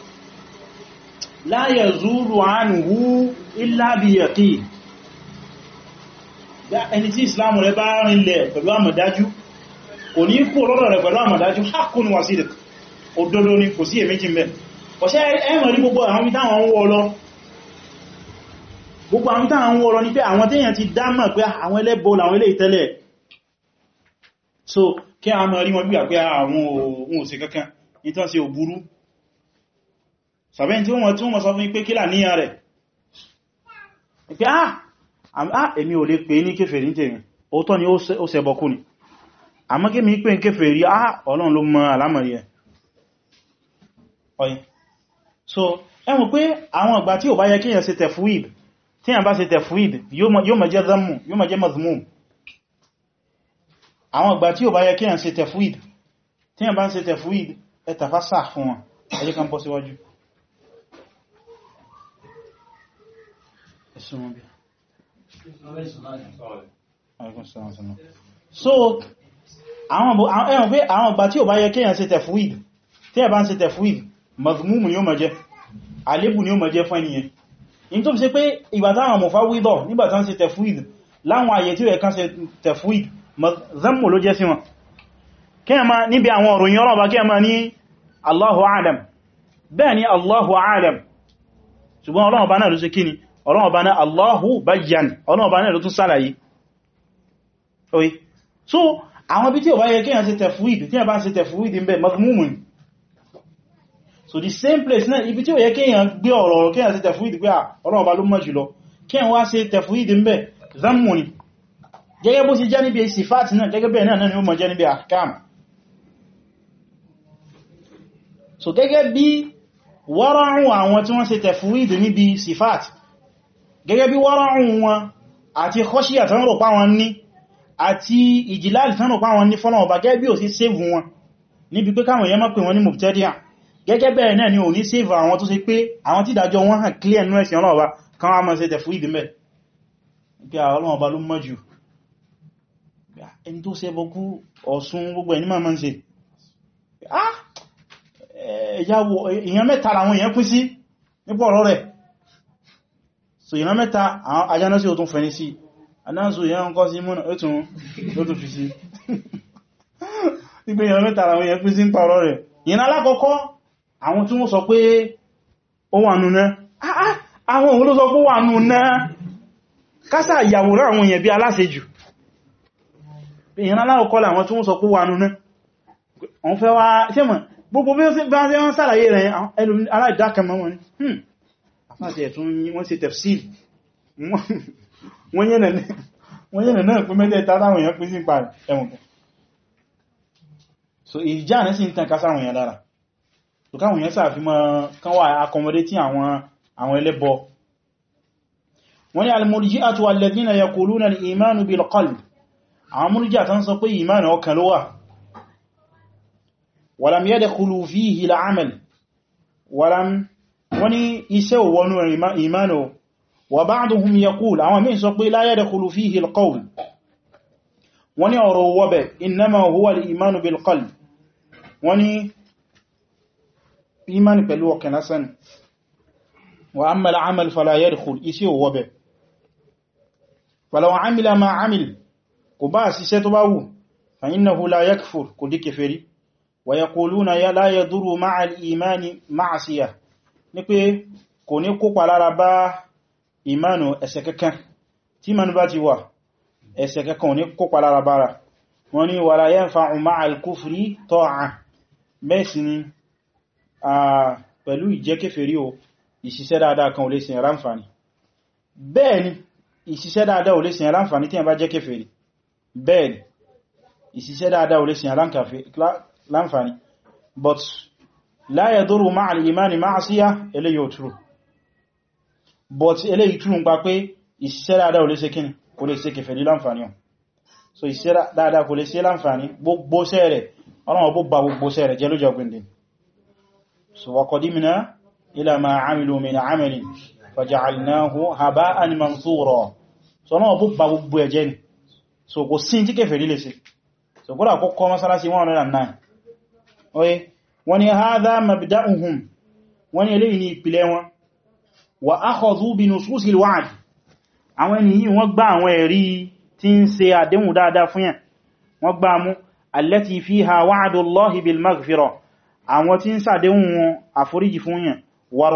لا يزول عنه إلا بيقين ẹni tí islamu rẹ bá rinlẹ̀ pẹ̀lú àmọ̀dájú kò ní kò lọ́rọ̀ rẹ pẹ̀lú àmọ̀dájú hakun wa sílẹ̀ ni kò sí èméjì mẹ́ ọ̀ṣẹ́ ẹ̀mọ̀ gbogbo àwọn ìdáwọn ń wọ́ lọ gbogbo àwọn ìdáwọn ń wọ́ lọ ní pé àwọn ti pé àwọn so sàbẹ́yìn tí wọ́n tí wọ́n sọ fún pé kílà níyàn rẹ̀ pé ah, ah èmi ò lè pè ní kèfèrí ní tèmi òótọ́ ni ó ṣẹbọkú ni àmọ́ kí mi pè ní kèfèrí ah ọlọ́run ló mọ̀ àlámọ̀rí ẹ̀ ọ̀yẹ́ so ẹ mọ̀ pé àwọn ìgbà tí ò bá yẹ kí yẹn ṣe tẹ̀fúìb tí yẹn bá ṣe tẹ̀fúìb yóò mọ̀ jẹ́ zammu yóò mọ̀ jẹ́ mazmum àwọn ìgbà tí fún wọn ẹjẹ́ kan bọ́ síwájú ẹ̀sùn bí so ẹ̀wọ̀n pé àwọn ọgbà tí ò bá yẹ kéèyàn ṣe tẹ̀fúìd tí ẹ̀ bá ń ṣe tẹ̀fúìd mazmum ni ó máa jẹ́ àlébù ni ó máa jẹ́ fún ẹniyẹn in tó fi ṣe pé ìgbà táwọn mọ̀fá wídọ̀ nígbà tán ṣe tẹ̀fúìd láwọn àyè tí ó yẹ kán ṣe tẹ̀fúìd zammu ló jẹ́ sí wọn kéèyàn máa níbi àwọn òròyìn ọlọ́ọ̀bá kéèyàn máa ní Allahu a'lam bẹ́ẹ̀ ni Allahu a'lam ṣùgbọ́n ọlọ́ọ̀bá náà ló ṣe kíni ọlọ́wọ́ bá ní Allahu bayyan ọlọ́wọ́ bá ní tún sálàyé oye so àwọn bí tí ó bá yẹ kí yàn ṣe tẹ̀fúìdì tí yàn bá ṣe tẹ̀fúìdì ń bẹ magmumun so the same place náà ibi tí ó yẹ kí yàn gbé ọ̀rọ̀ ọ̀rọ̀ kí yàn ṣe tẹ̀fúìdì pé ọlọ́wọ́ bá ló mọ̀ jùlọ kí yàn wá ṣe ni gẹ́gẹ́ bó ṣe jẹ́ so gẹ́gẹ́ bí wọ́rọ̀ àwọn tí wọ́n ṣe tẹ̀fúìdì níbi sifati gẹ́gẹ́ bí wọ́rọ̀un wọn àti kọ́ṣíyà tán rò páwọn ní àti ìjìláàlì tán rò páwọn ní fọ́nà ọba gẹ́gẹ́ bí ò sí sèvù wọn níbi pé káwọn èèyàn mọ̀ pé ní mubtadi'a gẹ́gẹ́ bẹ́ẹ̀ náà ni ò ní sèvù àwọn tó ṣe pé àwọn tí ìdájọ́ wọn hàn clear nú ẹ̀sìn ọlọ́ọ̀ba kan wá mọ́ ṣe tẹ̀ fún ah ìyàn mẹ́ta làwọn èèyàn pín sí nípa ọ̀rọ̀ rẹ̀ so ìran mẹ́ta ajáná sí òtún fẹ́ni sí anáàsù ìran kọ́ sí mọ́nà ètùn lótún fi sí nígbé ìran mẹ́ta àwọn èèyàn pín sí ń parọ́ rẹ̀ ìran alákọ́kọ́ àwọn tí wọ́n sọ pé ó wà nù náà ah, ah, àwọn òun ló sọ pé ó wà nù náà kásà ìyàwòrán àwọn èèyàn bí aláṣejù gbogbo bí wọ́n sí bá ń sàlàyé rẹ̀ ẹlòmí aláìdákan mọ́ wọn ni hmm láti ẹ̀tún wọ́n ṣe tafsir wọ́n yẹ̀nà náà pín mẹ́lẹ̀ tàbí àwọn èèyàn pín sí pa ẹ̀wọ̀n kan so ìjà náà sí ń tàn kásá àwọn èèyàn lára so káwọn èèyàn sáà fi mọ́ kán wà accommodating àwọn ẹlẹ́bọ wọ́n ni al-murji'atu alladhina yaquluna al-imanu bil-qalb àwọn murji'a tán sọ pé ìmánu ọkàn ló wà walam yadkhulu fihi al-amal walam wọ́n ní iṣẹ́ ò wọnú ìmánu wa ba'duhum yaqul àwọn mí sọ pé la yadkhulu fihi al-qawl wọ́n ní ọ̀rọ̀ wọ́bẹ̀ innama huwa al-imanu bil-qalb wọ́n ní imani pẹ̀lú ọkàn lásán wa amma al-amal fala iṣẹ́ ò wọ́bẹ̀ falaw ma amil kò bá ṣiṣẹ́ tó bá wù fa ní pé kò ní kópa lára bá ìmánu ẹ̀ṣẹ̀ kankan tí ìmánu bá ti wà ẹ̀ṣẹ̀ kankan ò ní kópa lára bára wọ́n ní wala yanfa'u ma'al kufri ta'a bẹ́ẹ̀ sí ni pẹ̀lú ìjẹ́kẹfẹ̀rí o ìṣiṣẹ́ dáadáa kan ò lè sìn ránfàní bẹ́ẹ̀ ni ìṣiṣẹ́ dáadáa ò ránfàní tí a bá jẹ́kẹfẹ̀rí bẹ́ẹ̀ ni ìṣiṣẹ́ dáadáa ò ránfàní but la yaduru ma'a al-imani ma'siyah eléyìí ò true but eléyìí true ń pa pé iṣẹ́ dáadáa ò lè ṣe kíni kò lè ṣe kèfèrí láǹfààní ọ̀ so iṣẹ́ dáadáa kò lè ṣe láǹfààní gbogbo ṣẹ́ rẹ̀ ọlọ́wọ́ bó ba gbogbo ṣẹ́ rẹ̀ jẹ́ lójọ so wa qadimna ila ma so ọlọ́wọ́ bó ba so kò sí tí kèfèrí lè ṣe so kó wọ́n ni hadha mabda'uhum wọ́n ni eléyìí ni ìpìlẹ̀ wọn wa akhadhu bi nususil wa'd àwọn ènìyí wọ́n gbá àwọn ẹ̀rí tí ń ṣe àdéhùn dáadáa fún yàn wọ́n gbá mú allati fiha wa'dullahi bil maghfirah àwọn tí ń ṣàdéhùn wọn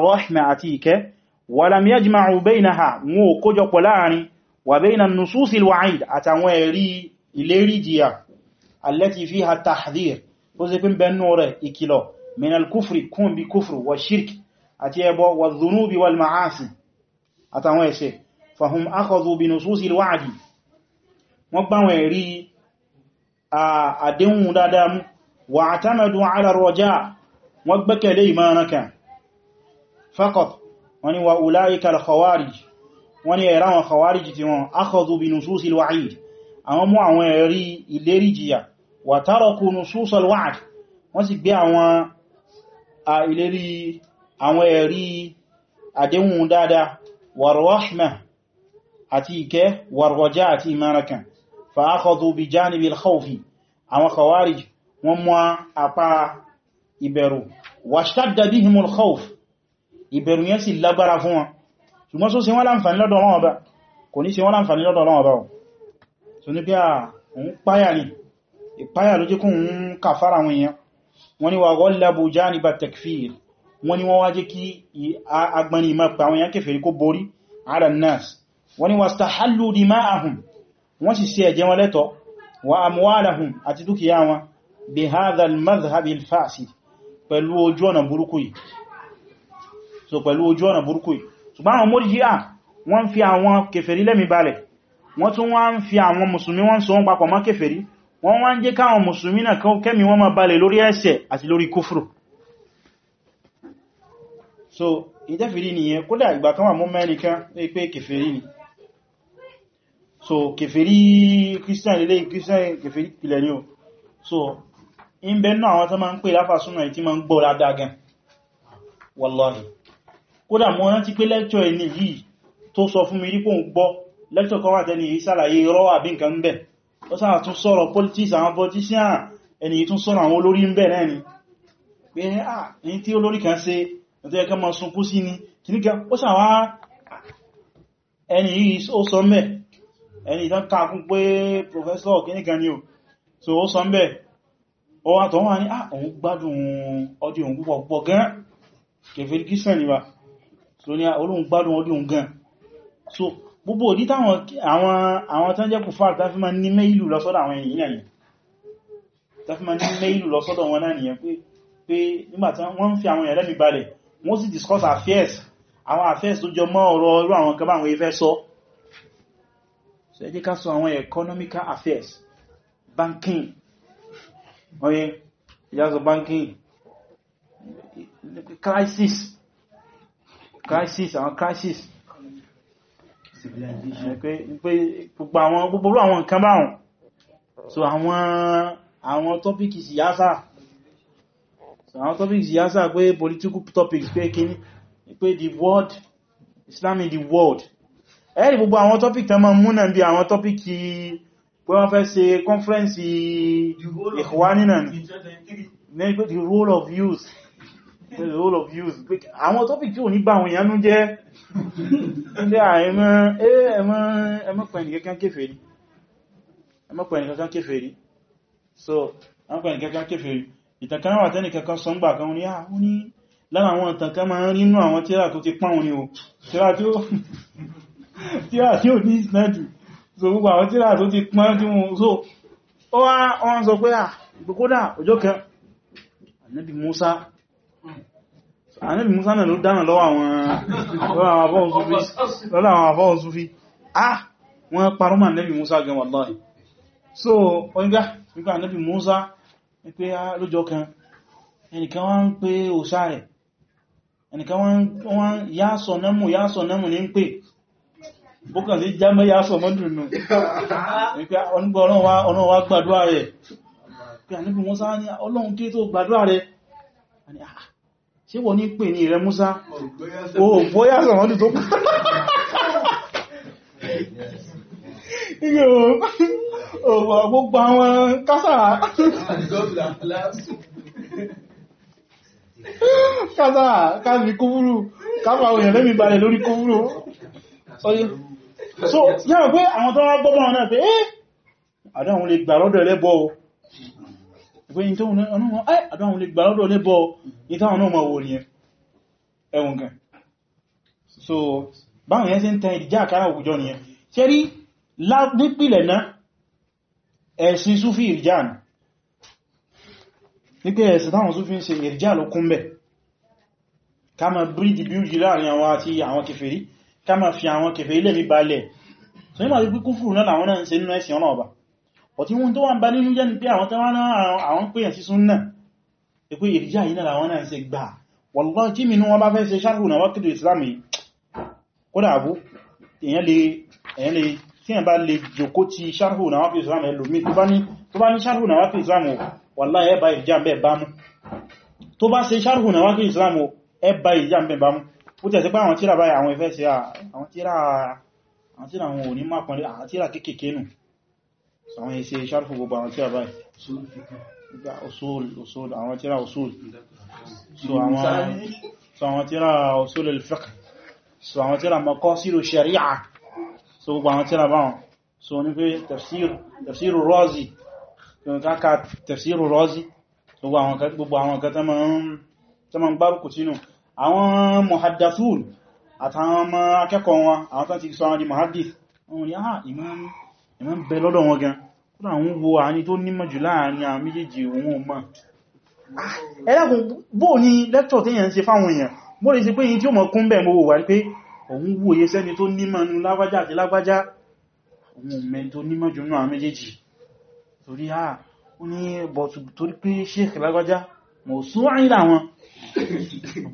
bó ṣe pín bẹnú rẹ̀ ìkìlọ̀ minal kufri kún bí kufru wa shirk àti ẹbọ wa dhunubi wal ma'asi àtàwọn ẹ̀ṣẹ̀ fahum akhadhu bi nususil wa'di wọ́n gbáwọn ẹ̀rí àdéhùn dáadáa mú wa atamadu ala raja wọ́n gbẹ́kẹ̀lé ìmánaka faqat wọ́n ni wa taraku nusus al-wa'd wọ́n sì gbé àwọn ìlérí àwọn ẹ̀rí àdéhùn dáadáa wa rahma àti ìkẹ́ wa raja àti ìmáraka fa akhadhu bi janibi al-khawfi àwọn khawarij wọ́n mú apá ìbẹ̀rù washtadda òun páyà ni ìpáyà ló jẹ́ kún ń kàfàrà wọn yẹn wọ́n ni wà ghallabu janiba takfir wọ́n ni wọ́n wá jẹ́ kí agbani ma pa àwọn yẹn kèfèrí kó borí ala nas wọ́n ni wastahallu dima'ahum wọ́n sì ṣe ẹ̀jẹ̀ wọn lẹ́tọ̀ wa amwalahum àti dúkìá wọn bi hadha al-madhhab al-fasid pẹ̀lú ojú ọ̀nà burúkú yìí wọ́n fi wọ́n tún fi àwọn mùsùlùmí wọ́n so wọ́n papọ̀ mọ́ kèfèrí wọ́n wá ń jẹ́ káwọn mùsùlùmí náà kẹ́mì wọ́n máa balẹ̀ lórí ẹ̀ṣẹ̀ àti lórí kúfùrù so ìdẹ́fìrí nìyẹn kódà ìgbà kan wà mú mẹ́nìkan pé kèfèrí ni so kèfèrí christian lè christian kèfèrí pìlẹ̀ ni o so in bẹ́ náà àwọn tó máa ń pè láfà súnmọ̀ ìtí ń gbọ́ ládá gan wallahi kódà mo rántí pé lẹ́kṣọ́ ẹni yìí tó sọ fún mi rí pò ń gbọ́ lẹ́kṣọ́ ó sáà tún sọ̀rọ̀ politics àwọn politician ẹni tún sọ̀rọ̀ àwọn olórí ń bẹ̀ náà ni pé ah ní tí olórí kan ṣe ẹ̀tọ́ ẹ̀kẹ́ ma sunkú sí ni kì ní gan ó sàwá ẹni yìí ó sọ mẹ́ ẹni ìtàn kàkún pé professor kì ní gan ni o so ó sọ mẹ́ ó wá tọ́ wọ́n ní ah òun gbádùn ọdí òun púpọ̀ púpọ̀ gan kẹfẹ́ gbogbo òdí táwọn àwọn tán jẹ́ kùfà tàfí ma ní mẹ́ìlù lọ́sọ́dọ̀ àwọn ènìyàn yìí tàfí ma ní mẹ́ìlù lọ́sọ́dọ̀ wọn náà nìyẹn pé nígbàtí wọ́n ń fi àwọn ẹ̀rẹ́ mi balẹ̀ wọ́n sì discuss affairs àwọn affairs tó jọ mọ́ ọ̀rọ̀ irú àwọn kan báwọn ifẹ́ sọ so ẹ jẹ́ ká sọ àwọn economical affairs banking oye ìyàzọ banking crisis crisis àwọn crisis gbogbo àwọn gbogbo àwọn nǹkan báhùn so àwọn àwọn tọ́pìkì siyasa so àwọn tọ́pìkì siyasa pé political topics pé kí pé the world Islam in the world ẹ̀rì gbogbo àwọn tọ́pìkì tẹ́ ma múnà bí àwọn tọ́pìkì pé wọ́n fẹ́ ṣe conference ìkwánínà ní the role of youth the role of youth àwọn topic tí ò ní bá àwọn èèyàn nú jẹ́ ndé àìmọ́ ẹmọ́pẹ̀ẹ̀nì kankan kéfèrí so ẹmọ́pẹ̀ẹ̀nì kankan kéfèrí ìtànkan wà tẹ́nì kankan sọ ń gbà kan ní àwọn ní lára àwọn ìtànkan máa ń rínú àwọn tíra tó ti pán òní o tíra tí ó ní ìsinẹ́jù so gbogbo àwọn tíra tó ti pán tí wọ́n so ó wá wọ́n sọ pé à gbogbo náà ọjọ́ kan Ànábì Mùsá ànábì Musa náà ló dáná lọ́wọ́ àwọn afọ́hùn Sufi ah wọ́n parọ́ mọ́ ànábì Musa gan wallahi so onígbà nígbà ànábì Musa ní pé ah, lójọ kan ẹnìkan wá ń pé òṣà rẹ̀ ẹnìkan wá ń yásọ̀ nẹ́mù yásọ̀ nẹ́mù ní ń pè bókàn sí jámẹ́ yásọ̀ mọ́dún nù ah, onígbà ọ̀nà wá gbàdúrà rẹ̀ ṣe wọ́n ní pè ní ìrẹ Musa oh, oh, o bóyá sọ̀rọ̀dù tó pàá gbogbo àwọn kásà kásà káàbí kúfúrú káàbà òyìn lẹ́mí balẹ̀ lórí kúfúrú so yára pé àwọn tó wá gbọ́gbọ́n náà pé eh àdáwọn lè gbà lọ́dọ̀ ẹlẹ́bọ́ pé ní tó ọ̀nà àdọ́ àwọn olùgbà lọ́dọ̀ lé bọ́ ní táwọn náà ma so báwọn yẹn sí ń tẹ ìdíjá àkárá òkújọ ni ẹ ṣe rí nípìlẹ̀ náà ẹ̀sìn súfí ìrìjá nì ní pé ẹ̀sìn táwọn súfí ń ṣe ìrìjá ló kún bẹ̀ ká ma bíríjì bíújì láàrin àwọn àti àwọn kèfèrí ká ma fi àwọn kèfèrí lẹ́mí balẹ̀ so ní ma ti náà but ihun tó wà ń bá nínú jẹ́ ní pé àwọn tẹ́wà náà àwọn pèèyàn sí súnnà ipé ìrìjá yìí náà àwọn náà ṣe gbà wallahi tí mi ní wọ́n bá fẹ́ ṣe sharhu na wákìtò islami kódà àbú tí yẹn bá lè jòkó ti sharhu na wákìtò islami ẹlòmí tó bá ní sharhu na wákìtò islami wallahi ẹba ìrìjá bẹ́ẹ̀ bá mú tó bá ṣe sharhu na wákìtò islami ẹba ìrìjá bẹ́ẹ̀ bá mú àwọn tíra àwọn òní mápọ̀lẹ̀ àwọn tíra kéèkéé nù àwọn èsì sharhu gbogbo àwọn tíra báyìí àwọn tíra usul so àwọn tíra usul al so àwọn tíra maqasidu shari'a so gbogbo àwọn tíra báwọn so ní pé tafsiru razi káàkà tafsiru razi gbogbo àwọn kan tó àwọn muhaddathun ìmọ̀ ń bẹ lọ́dọ̀ wọn gan kúrò àwọn wo àní tó nímọ̀ jù láàrin àwọn méjèèjì òun ò mọ̀ ah, ẹlẹ́kùn bó ní lẹ́kṣọ̀ tí èyàn ń ṣe fáwọn èèyàn bó lè ṣe pé yìí tí ó mọ̀ kún bẹ̀ mọ́ wà pé òun wo iye sẹ́ni tó nímọ̀ nú lágbájá àti lágbájá òun mẹ́ tó nímọ̀ jù náà méjèèjì torí à ah, ó ní bọ̀tù torí pé sheikh lágbájá mọ̀ sún àìlà wọn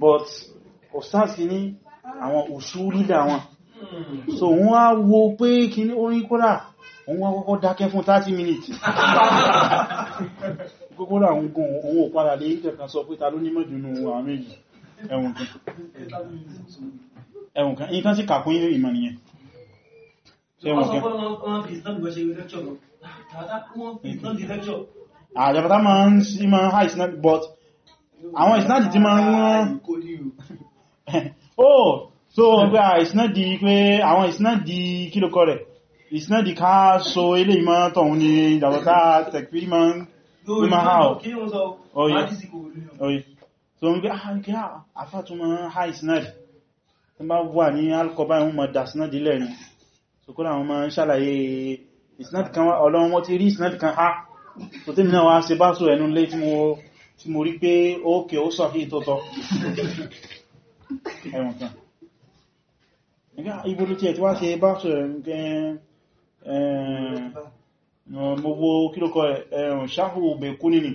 but ustaz ní àwọn òṣù lílà wọn so wọ́n á wo pé kí ní orin kódà òun akọ́kọ́ dákẹ́ fún 30 minutes gbogbo àwọn gan òun òpára lè ìjẹ̀kan sọ pé ta ló nímọ̀ jùnú àwọn méjì ẹ̀wọ̀n kan ìkan sí kàkún ilé ìmọ̀ nìyẹn àjẹ́bàtà máa ń sí máa high snack but àwọn ìsinájì tí máa ń wọ́n oh so ọgbẹ́ àìsinájì pé àwọn ìsinájì kílòkọ rẹ̀ ìsinẹ́dì oh, ká oh, so ilé ìmọ́ tọ̀hún ah, ní ìdàbọ̀tá tẹ̀kfìrí ma ń ha ọ̀yí so ń gbé ah, àkí àfàtún ma ń ha ìsinẹ́dì tí bá wà ní alkọba ìwọ̀n ma dà sinẹ́dì lẹ́rin so kó láwọn ma ń ṣàlàyé ìsinẹ́dì kan ọlọ́run wọ́n ti rí ìsinẹ́dì kan ha so tí mìíràn se bá so ẹnu lé tí mo rí pé ókè ó sọ fíì tó tọ́ ẹ̀wọ̀n kan ìgbà ibolo tí ẹ̀ tí wá se bá so ẹ̀rùn gẹ́ẹ̀ẹ́ gbogbo ehm, eh, kílòkọ́ ẹ̀rùn ehm, ṣáhù bèkú nìní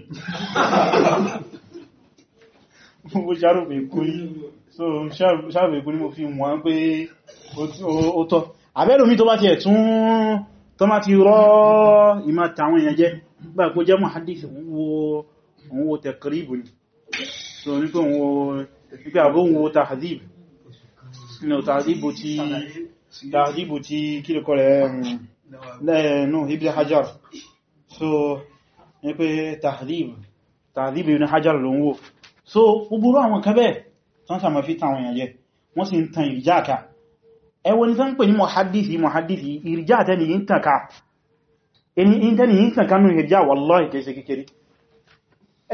gbogbo ṣáhù bèkú ní so ṣáhù bèkú ní mo fi wọ́n pé ó tọ́ àbẹ́lùmí tó bá ti ẹ̀tún tó má ti rọ́ ìmá tàwọn èèyàn jẹ́ gbà kó jẹ́ mọ̀ hadith òun wo taqrib ni so nípa òun wo tahdhib ní ò tàdíbò tí kílòkọ́ rẹ̀ ehm, no Ibn Hajar so ní pé tahdhib tahdhib Ibn Hajar ló ń wò so gbogbo àwọn kẹbẹ̀ tán sàmà fi tàwọn èèyàn jẹ wọ́n sì ń tan ìrìjáàkà ẹwọ ni tán pè ní mọ̀hádìsì mọ̀hádìsì ìrìjáàtà ni yí ń tàn ká ẹni ìntẹni yí ń tàn kánú ìrìjá wallahi kẹsẹ kékeré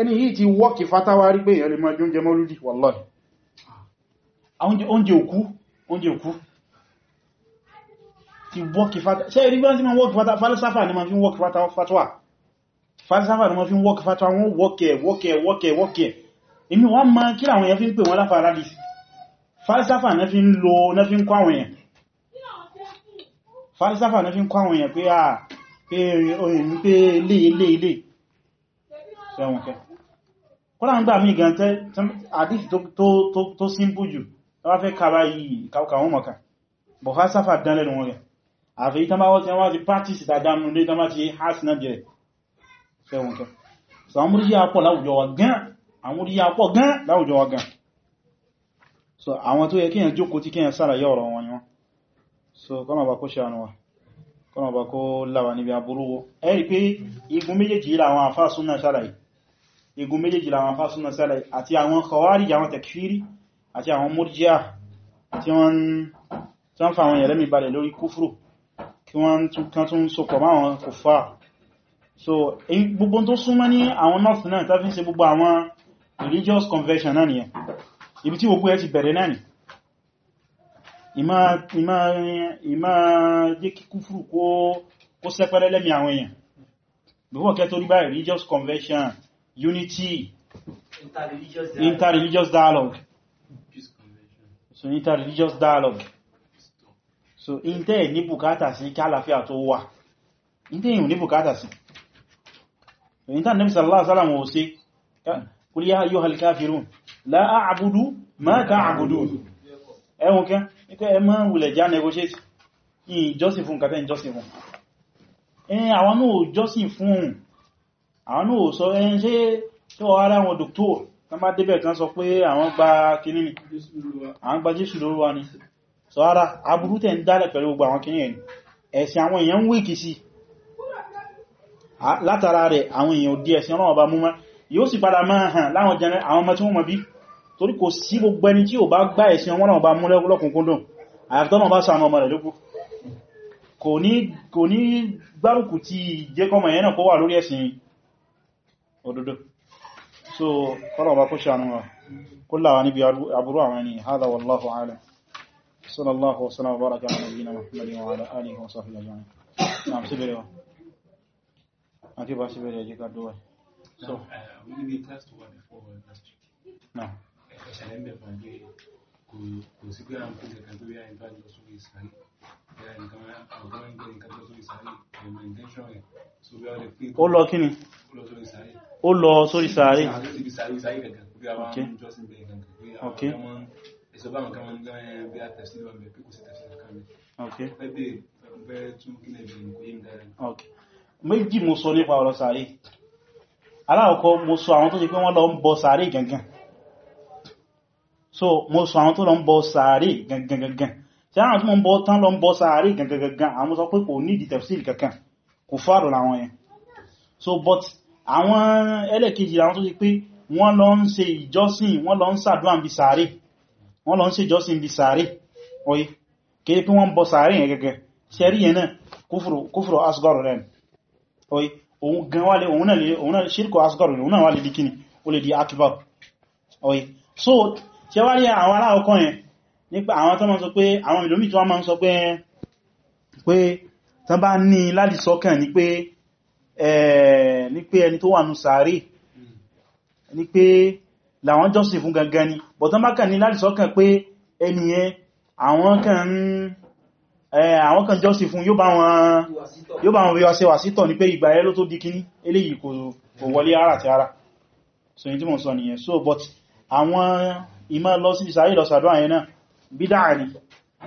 ẹni yìí ti wọ́kì fatawa rí pé ẹlẹ́mọ̀ oúnjẹ mọ́lúdì wallahi oúnjẹ òkú oúnjẹ òkú ti wọ́kì fata ṣe ìrí gbọ́n tí ma wọ́kì fata falsafa ni ma fi wọ́kì fatawa falsafa ni ma fi wọ́kì fatawa wọ́n wọ́kẹ̀ wọ́kẹ̀ wọ́kẹ̀ wọ́kẹ̀ inú wọ́n ma kí àwọn èèyàn fi ń pè wọ́n láfà radis falsafa na fi ń lo na fi ń kọ́ àwọn èèyàn falsafa na fi ń kọ́ àwọn èèyàn pé a ah, pé ilé ilé ilé ẹ̀wọ̀n kẹ́ kọ́lá ń gbà mí gan tẹ́ àdífì tó simple jù wọ́n fẹ́ kàwà yìí kàwọn mọ̀ká bọ̀ falsafa dánlẹ́nu wọn rẹ̀ àfi tán bá wọ́n tí wọ́n ti practice ìtàdámù lé tán bá ti há sí náà jẹ́ ṣẹ́wọ̀n kan so àwọn orí yà pọ̀ láwùjọ wa gan àwọn orí yà pọ̀ gan láwùjọ wa gan so àwọn tó yẹ kí yẹn jókòó tí kí yẹn sára yẹ ọ̀rọ̀ wọn yán so kọ́nà bá kó ṣe àánú wa kọ́nà bá kó láwà níbi aburú ẹ rí pé igun méjèèjì làwọn àfáà súnà sálàyé igun fa àwọn yẹ̀rẹ́mì balẹ̀ lórí kúfúrù kí wọ́n kan tún sopọ̀ mọ́ àwọn kòfà so gbogbo tó súnmọ́ ní àwọn north náà tàbí ṣe gbogbo àwọn religious conversion náà nìyẹn ibi tí gbogbo ẹ ti bẹ̀rẹ̀ náà ni ìmá jẹ́ kí kúfùrù kó sẹ́pẹ́rẹ́ lẹ́mí àwọn èèyàn before kẹ́ tó báyìí religious conversion unity interreligious dialogue, interreligious dialogue. so interreligious dialogue so in ni ní si sí kálàfíà tó wà in tẹ́ yìí ní bùkátà sí in tẹ́ Nabi sallallahu alaihi wasallam ó ṣe ya ayyuhal kafirun la a'budu ma ta'budun ẹwùn kẹ́ ikẹ́ ẹ máa wùlẹ̀ já negotiate in jọ́sìn fún kàtẹ́ jọ́sìn fún ẹn àwọn náà jọ́sìn fun, àwọn náà sọ ẹn ṣe tí wọ́n ara wọn dòktór tán bá débẹ̀ kan sọ pé àwọn gba kìnnìyàn àwọn gba Jésù lórúwa ni so ara aburú tẹ́ ń dálẹ̀ pẹ̀lú gbogbo àwọn kìíyàn ẹ̀sìn àwọn èèyàn ń wíkì sí látara rẹ̀ àwọn èèyàn òdí ẹ̀sìn ọ̀rọ̀ ọba múmá yóò sì padà máa hàn láwọn jẹ́ àwọn ọmọ tí wọ́n mọ̀ bí torí kò sí gbogbo ẹni tí ò bá gbá ẹ̀sìn ọmọ náà bá mú lọ́kùnkúndùn àyàfitọ́nà bá sàánà ọmọ rẹ̀ lókù kò ní gbárùkù ti jẹ́kọ́mọ̀ ẹ̀yẹn náà kó wà lórí ẹ̀sìn òdodo so kọ́lọ̀ ọba kó ṣàánú wa kó láwa níbi aburú àwọn ẹni hádà wallahu alam صلى الله وسلم وبارك على نبينا محمد وعلى آله وصحبه أجمعين نعم سبيري أنت با سبيري يجيك الدول so eh, we need to test one before last week no eh, ẹ̀ṣẹ̀lẹ̀ ń bẹ̀ fún ẹgbẹ́ kò sí pé àwọn kúrò kan tó bí àyíká lọ sórí ìsàlẹ̀ ẹ̀rọ nǹkan ọ̀gọ́ ń gbé nǹkan lọ sórí ìsàlẹ̀ ẹ̀rọ intention rẹ̀ so bí ọ̀rẹ́ pé ó lọ kí ni ó lọ sórí ìsàlẹ̀ ó lọ sórí ìsàlẹ̀ ìjọba nǹkan wọn gan ẹ eh, bí àtẹ̀sí lọ bẹ̀ pé kò sí tẹ̀sí nǹkan mi. ok tún kí lè bèrè kò yé dára. méjì mo sọ nípa ọ̀rọ̀ sàárè alákọ̀ọ́kọ́ mo sọ àwọn tó ṣe pé wọ́n lọ ń bọ sàárè gangan so mo sọ àwọn tó lọ ń bọ sàárè gangan gangan tí àwọn tó mọ́ ń bọ tán lọ ń bọ sàárè gangan gangan àwọn sọ pé kò nídìí tẹ̀fsìrì kankan kò fàrò làwọn yẹn so but àwọn ẹlẹ́kejì àwọn tó ṣe pé wọ́n lọ ń ṣe ìjọsìn wọ́n lọ ń ṣàdúrà bí sàárè wọ́n lọ ń ṣe jọ́sìn bí sàárè oyi kéé pí wọ́n bọ sàárè yẹn gẹ́gẹ́ sẹ́rí yẹn náà kúfùrù asgọ́rù rẹ̀ oyi òun gan wálé òun náà ṣírkù asgọ́rù rẹ̀ òun náà wálé di kíni ó lè di akibar oyi so ṣe wá rí àwọn aláwọ̀kọ́ yẹn nípa àwọn tó máa sọ pé àwọn ìlòmí tó máa sọ pé pé tán bá ní láti sọ́kàn ní eh, pé ẹni tó wà nù sàárè làwọn jọ́sìn fún gangan ni bọ̀tán bá kàn ní láti sọ́kàn pé ẹniyẹn àwọn kan jọ́sìn fún yóò bá wọn wíwá sí wàsítọ̀ ní pé ìgbà ẹ ló tó di kíní eléyìí kò wọlé ara ti ara so yí tí mo sọ nìyẹn so but àwọn ìmọ̀ lọ sí ìsáyé lọ sàdọ́ àyẹ náà bídá ni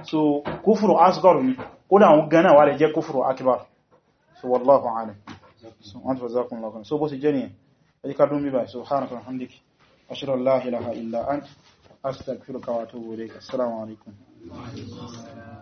so kúfùrù asgọ́rù ni kódà àwọn gan náà wà lè jẹ́ kúfùrù akbar so wallahu alam so wọ́n ti fà zákun lọ́kùn so bó ti jẹ́ nìyẹn ẹjíká dún bíbá so hàn kan أشهد أن لا إله إلا أنت أستغفرك وأتوب إليك السلام عليكم